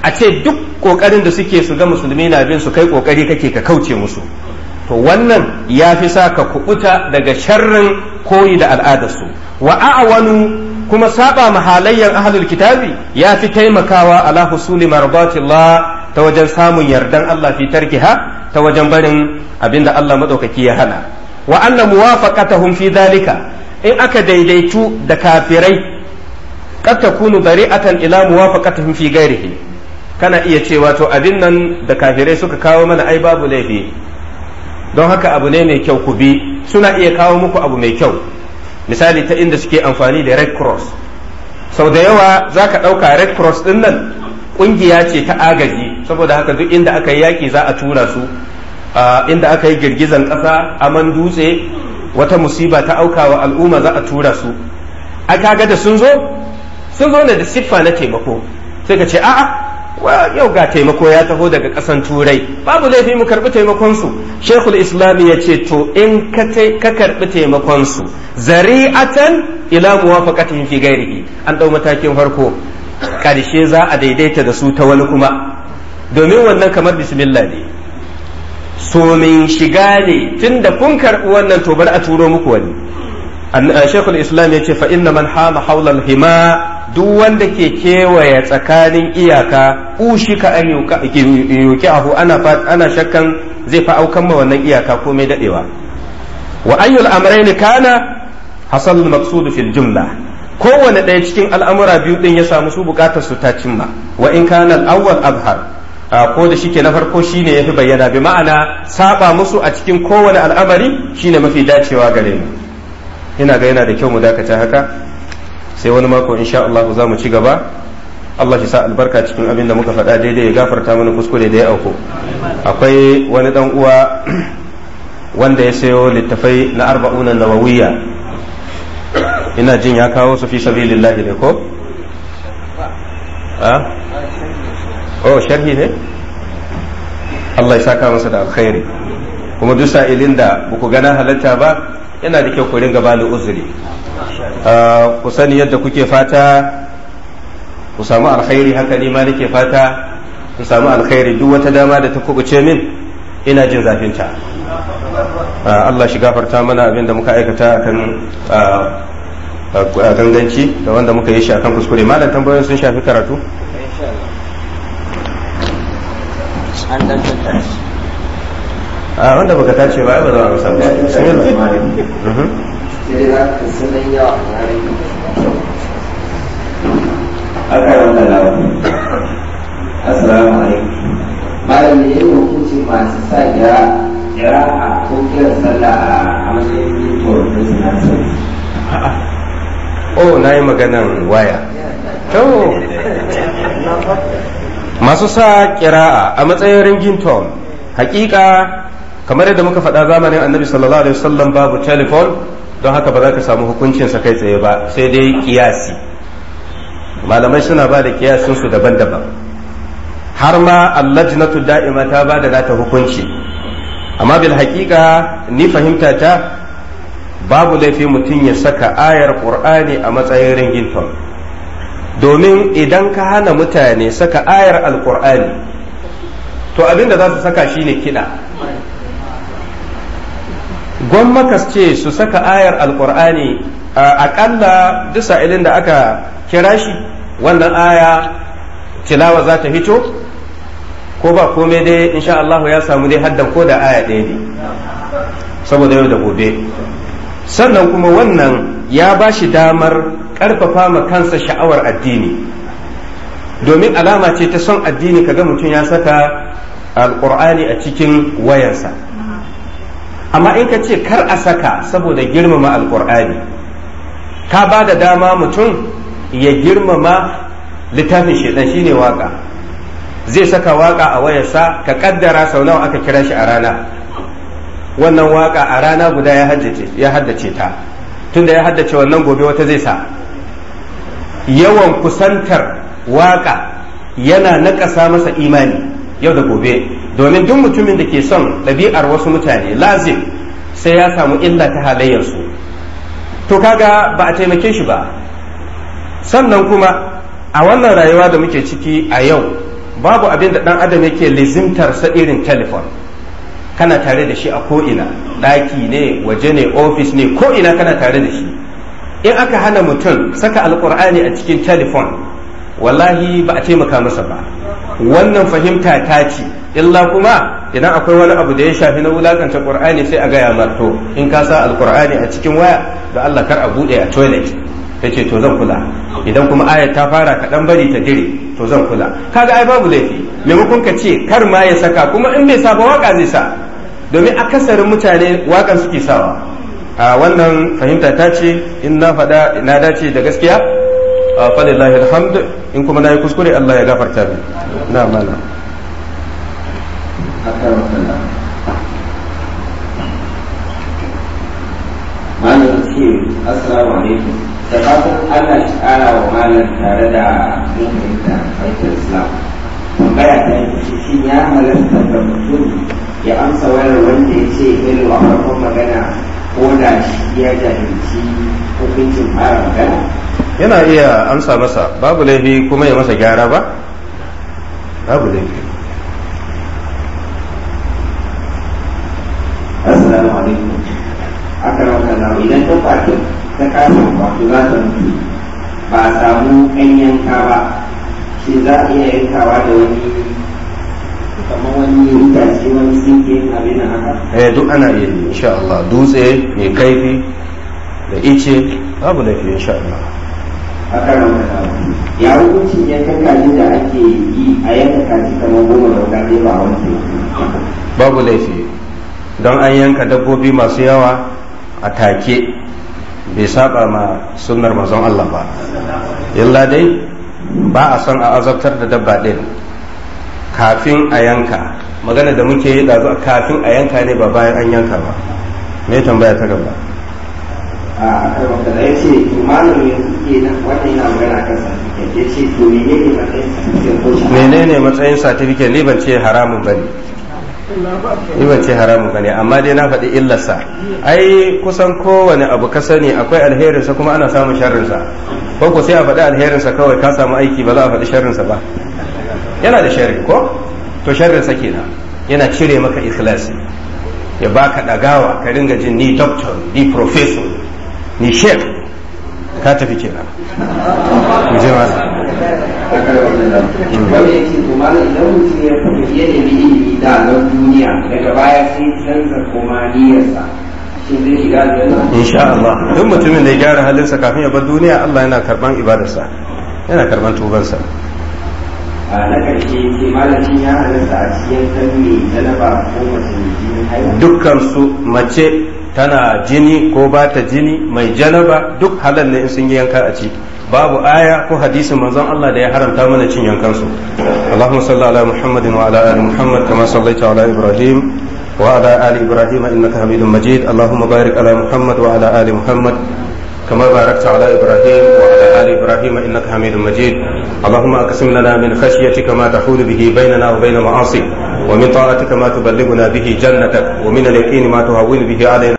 a ce duk kokarin da suke su ga musulmi na bin su kai kokari kake ka kauce musu to wannan ya fi sa ka kubuta daga sharrin koyi da al'adarsu wa wani kuma saba mahalayyan ahlul kitabi ya fi taimakawa ala husuli mardatillah ta wajen samun yardan Allah fi tarkiha ta wajen barin abinda Allah madaukaki ya hana wa anna muwafaqatahum fi dalika in aka daidaitu da kafirai qad takunu bari'atan ila muwafaqatihim fi ghairihi kana iya cewa to abin nan da kafirai suka kawo mana ai babu laifi don haka abu ne mai kyau ku bi suna iya kawo muku abu mai kyau misali ta inda suke amfani da red cross sau da yawa za ka ɗauka red cross ɗin nan ƙungiya ce ta agaji saboda haka duk inda aka yi yaƙi za a tura su inda aka yi girgizan ƙasa aman dutse wata musiba ta aukawa al'umma za a tura su a kaga da sun zo sun zo ne da siffa na taimako sai ka ce a'a yau ga taimako ya taho daga ƙasan turai babu laifi mu karɓi taimakonsu shekul islami ya ce to in ka karɓi taimakonsu zari'atan ila muwafaqatihim fi ghairihi an ɗau matakin farko ƙarshe za a daidaita da su ta wani kuma domin wannan kamar bismillah ne min shiga ne tun da kun karɓi wannan to bar a turo muku wani eh, shekul islam ya ce fa inna man hama haulal hima duk wanda ke kewaye tsakanin iyaka ushika an yuki ahu ana shakkan zai fa aukan ma wannan iyaka komai daɗewa wa ayyul amrayn kana hasal maqsud fil jumla kowane ɗaya cikin al'amura biyu din ya samu su bukatar su ta cimma wa in kana al-awwal abhar ko da shi ke na farko shi ne ya fi bayyana bi ma'ana saba musu a cikin kowane al'amari shine mafi dacewa gare mu ina ga yana da kyau mu dakata haka sai wani mako insha Allah za mu ci gaba Allah shi sa albarka cikin abin da muka faɗa daidai ya gafarta mana kuskure da ya auko akwai wani dan uwa wanda ya sayo littafai na arba'una nawawiya ina jin ya kawo su fi sabilillahi ne ko ah? oh sharhi ne Allah ya saka masa da alkhairi kuma duk sa'ilin da ku gana halarta ba yana da kyau ku ringa bani uzuri ah, ku sani yadda kuke fata ku samu alkhairi haka ni ma nake fata ku samu alkhairi duk wata dama da ta kubuce min ina jin zafinta ah, Allah shi gafarta mana abin da muka aikata akan ah, ganganci da wanda muka yi shi akan kuskure malam tambayoyin sun shafi karatu an dan tattara shi a wanda baka tace ba ba za a amsa ba sai mhm. sai da sanan yawa aka wanda lawa assalamu alaikum malam ne yin masu sa a ko sallah a matsayin oh, na yi maganan waya to masu sa kira'a a matsayin ringington hakika kamar yadda muka faɗa zamanin annabi sallallahu alaihi wasallam babu telefon don haka ba za ka samu hukuncin sa kai tsaye ba sai dai kiyasi malamai suna ba da kiyasin su daban-daban har ma allajnatu da'ima ta ba da nata hukunci amma bil hakika ni fahimta ta babu laifi mutum ya saka ayar qur'ani a matsayin ringington domin idan ka hana mutane saka ayar alkur'ani to abinda za su saka shine kiɗa gwammakas ce su saka ayar alkur'ani aƙalla duk ilin da aka kira shi wannan aya tilawa za ta fito ko ba komai dai insha Allah ya samu dai haddan ko da aya ɗaya ne saboda yau da gobe sannan kuma wannan ya ba shi damar Ƙarfafa ma kansa sha'awar addini domin alama ce ta son addini kaga mutum ya saka alkur'ani a cikin wayarsa amma in ka ce kar a saka saboda girmama alkur'ani ka ba da dama mutum ya girmama littafin shaidan shine waka zai saka waka a wayarsa ka kaddara sau nawa aka kira shi a rana wannan waka a rana guda ya haddace ta tunda ya haddace wannan gobe wata zai sa yawan kusantar waka yana naƙasa masa imani yau da gobe domin duk mutumin da ke son ɗabi'ar wasu mutane lazim sai ya samu illa ta halayyarsu to kaga ba a taimake shi ba sannan kuma a wannan rayuwa da muke ciki a yau babu abin da ɗan adam yake sa irin telefon kana tare da shi a ko'ina ɗaki ne waje ne ofis ne ko'ina kana tare da shi in aka hana mutum saka alkur'ani a cikin telefon wallahi ba a taimaka masa ba wannan fahimta ta ce illa kuma idan akwai wani abu da ya shafi na wulakanta qur'ani sai a gaya marto in ka sa alkur'ani a cikin waya da Allah kar a bude a toilet ta ce to zan kula idan kuma ayat ta fara kaɗan bari ta dire to zan kula kaga ai babu laifi maimakon ka ce kar ma ya saka kuma in bai sa waka zai sa domin akasarin mutane wakan suke sawa a wannan fahimta ta ce in na faɗa na dace da gaskiya falillahi alhamd in kuma na yi kuskure Allah ya gafarta min na mana malam ce assalamu alaikum da fatan Allah shi kara wa malam tare da muhimminta aikin islam tambaya ta yi shi ya halatta da mutum ya amsa wayar wanda ya ce irin a farkon magana ko da shi ya jahilci hukuncin fara magana yana iya amsa masa babu laifi kuma ya masa gyara ba babu laifi assalamu alaikum akan wakana idan ta fato ta kasa wato za ta mutu ba a samu ɗan yanka ba shi za a iya yankawa da wani kamar wani wani sinke abin haka eh duk ana yin yi insha Allah dutse mai kaifi da ice babu da fiye insha Allah haka nan ya hukuncin yankan kaji da ake yi a yanka kaji kamar goma da wuka ba a wanke babu laifi don an yanka dabbobi masu yawa a take bai saba ma sunnar mazan Allah ba illa dai ba a son a azabtar da dabba ɗin kafin a yanka magana da muke yi ɗazu kafin a yanka ne ba bayan an yanka ba me tambaya ta gaba a karfafta da ya ce to malamin suke na wannan yana magana kan certificate ya ce to ne matsayin certificate ko shi menene matsayin satifiket ni ban ce haramun bane ni ban ce haramun bane amma dai na faɗi illarsa ai kusan kowane abu ka sani akwai alherinsa kuma ana samun sharrinsa ko ko sai a faɗi alherinsa kawai ka samu aiki ba za a faɗi sharrinsa ba yana da sharri ko to sharrin sa kenan yana cire maka ikhlasi ya baka dagawa ka ringa jin ni doctor ni professor ni sheikh ka tafi kenan Ku je hmm. wani ya ce to malam idan mutum ya ya nemi ilimi da nan duniya daga baya sai canza koma niyyarsa insha Allah duk mutumin da ya gyara halinsa kafin ya bar duniya Allah yana karban ibadarsa yana karban tubansa na ƙarshe ke malacin ya halatta a siyantar mai talaba ko mace mai jinin haihuwa dukkan su mace tana jini ko ba ta jini mai janaba duk halal ne in sun yi yanka a ci babu aya ko hadisin manzon Allah da ya haramta mana cin yankan su Allahumma salli ala Muhammadin wa ala ali Muhammad kama sallaita ala Ibrahim wa ala ali Ibrahim innaka Hamidum Majid Allahumma barik ala Muhammad wa ala ali Muhammad كما باركت على إبراهيم وعلى آل إبراهيم إنك حميد مجيد اللهم أقسم لنا من خشيتك ما تحول به بيننا وبين معاصيك ومن طاعتك ما تبلغنا به جنتك ومن اليقين ما تهون به علينا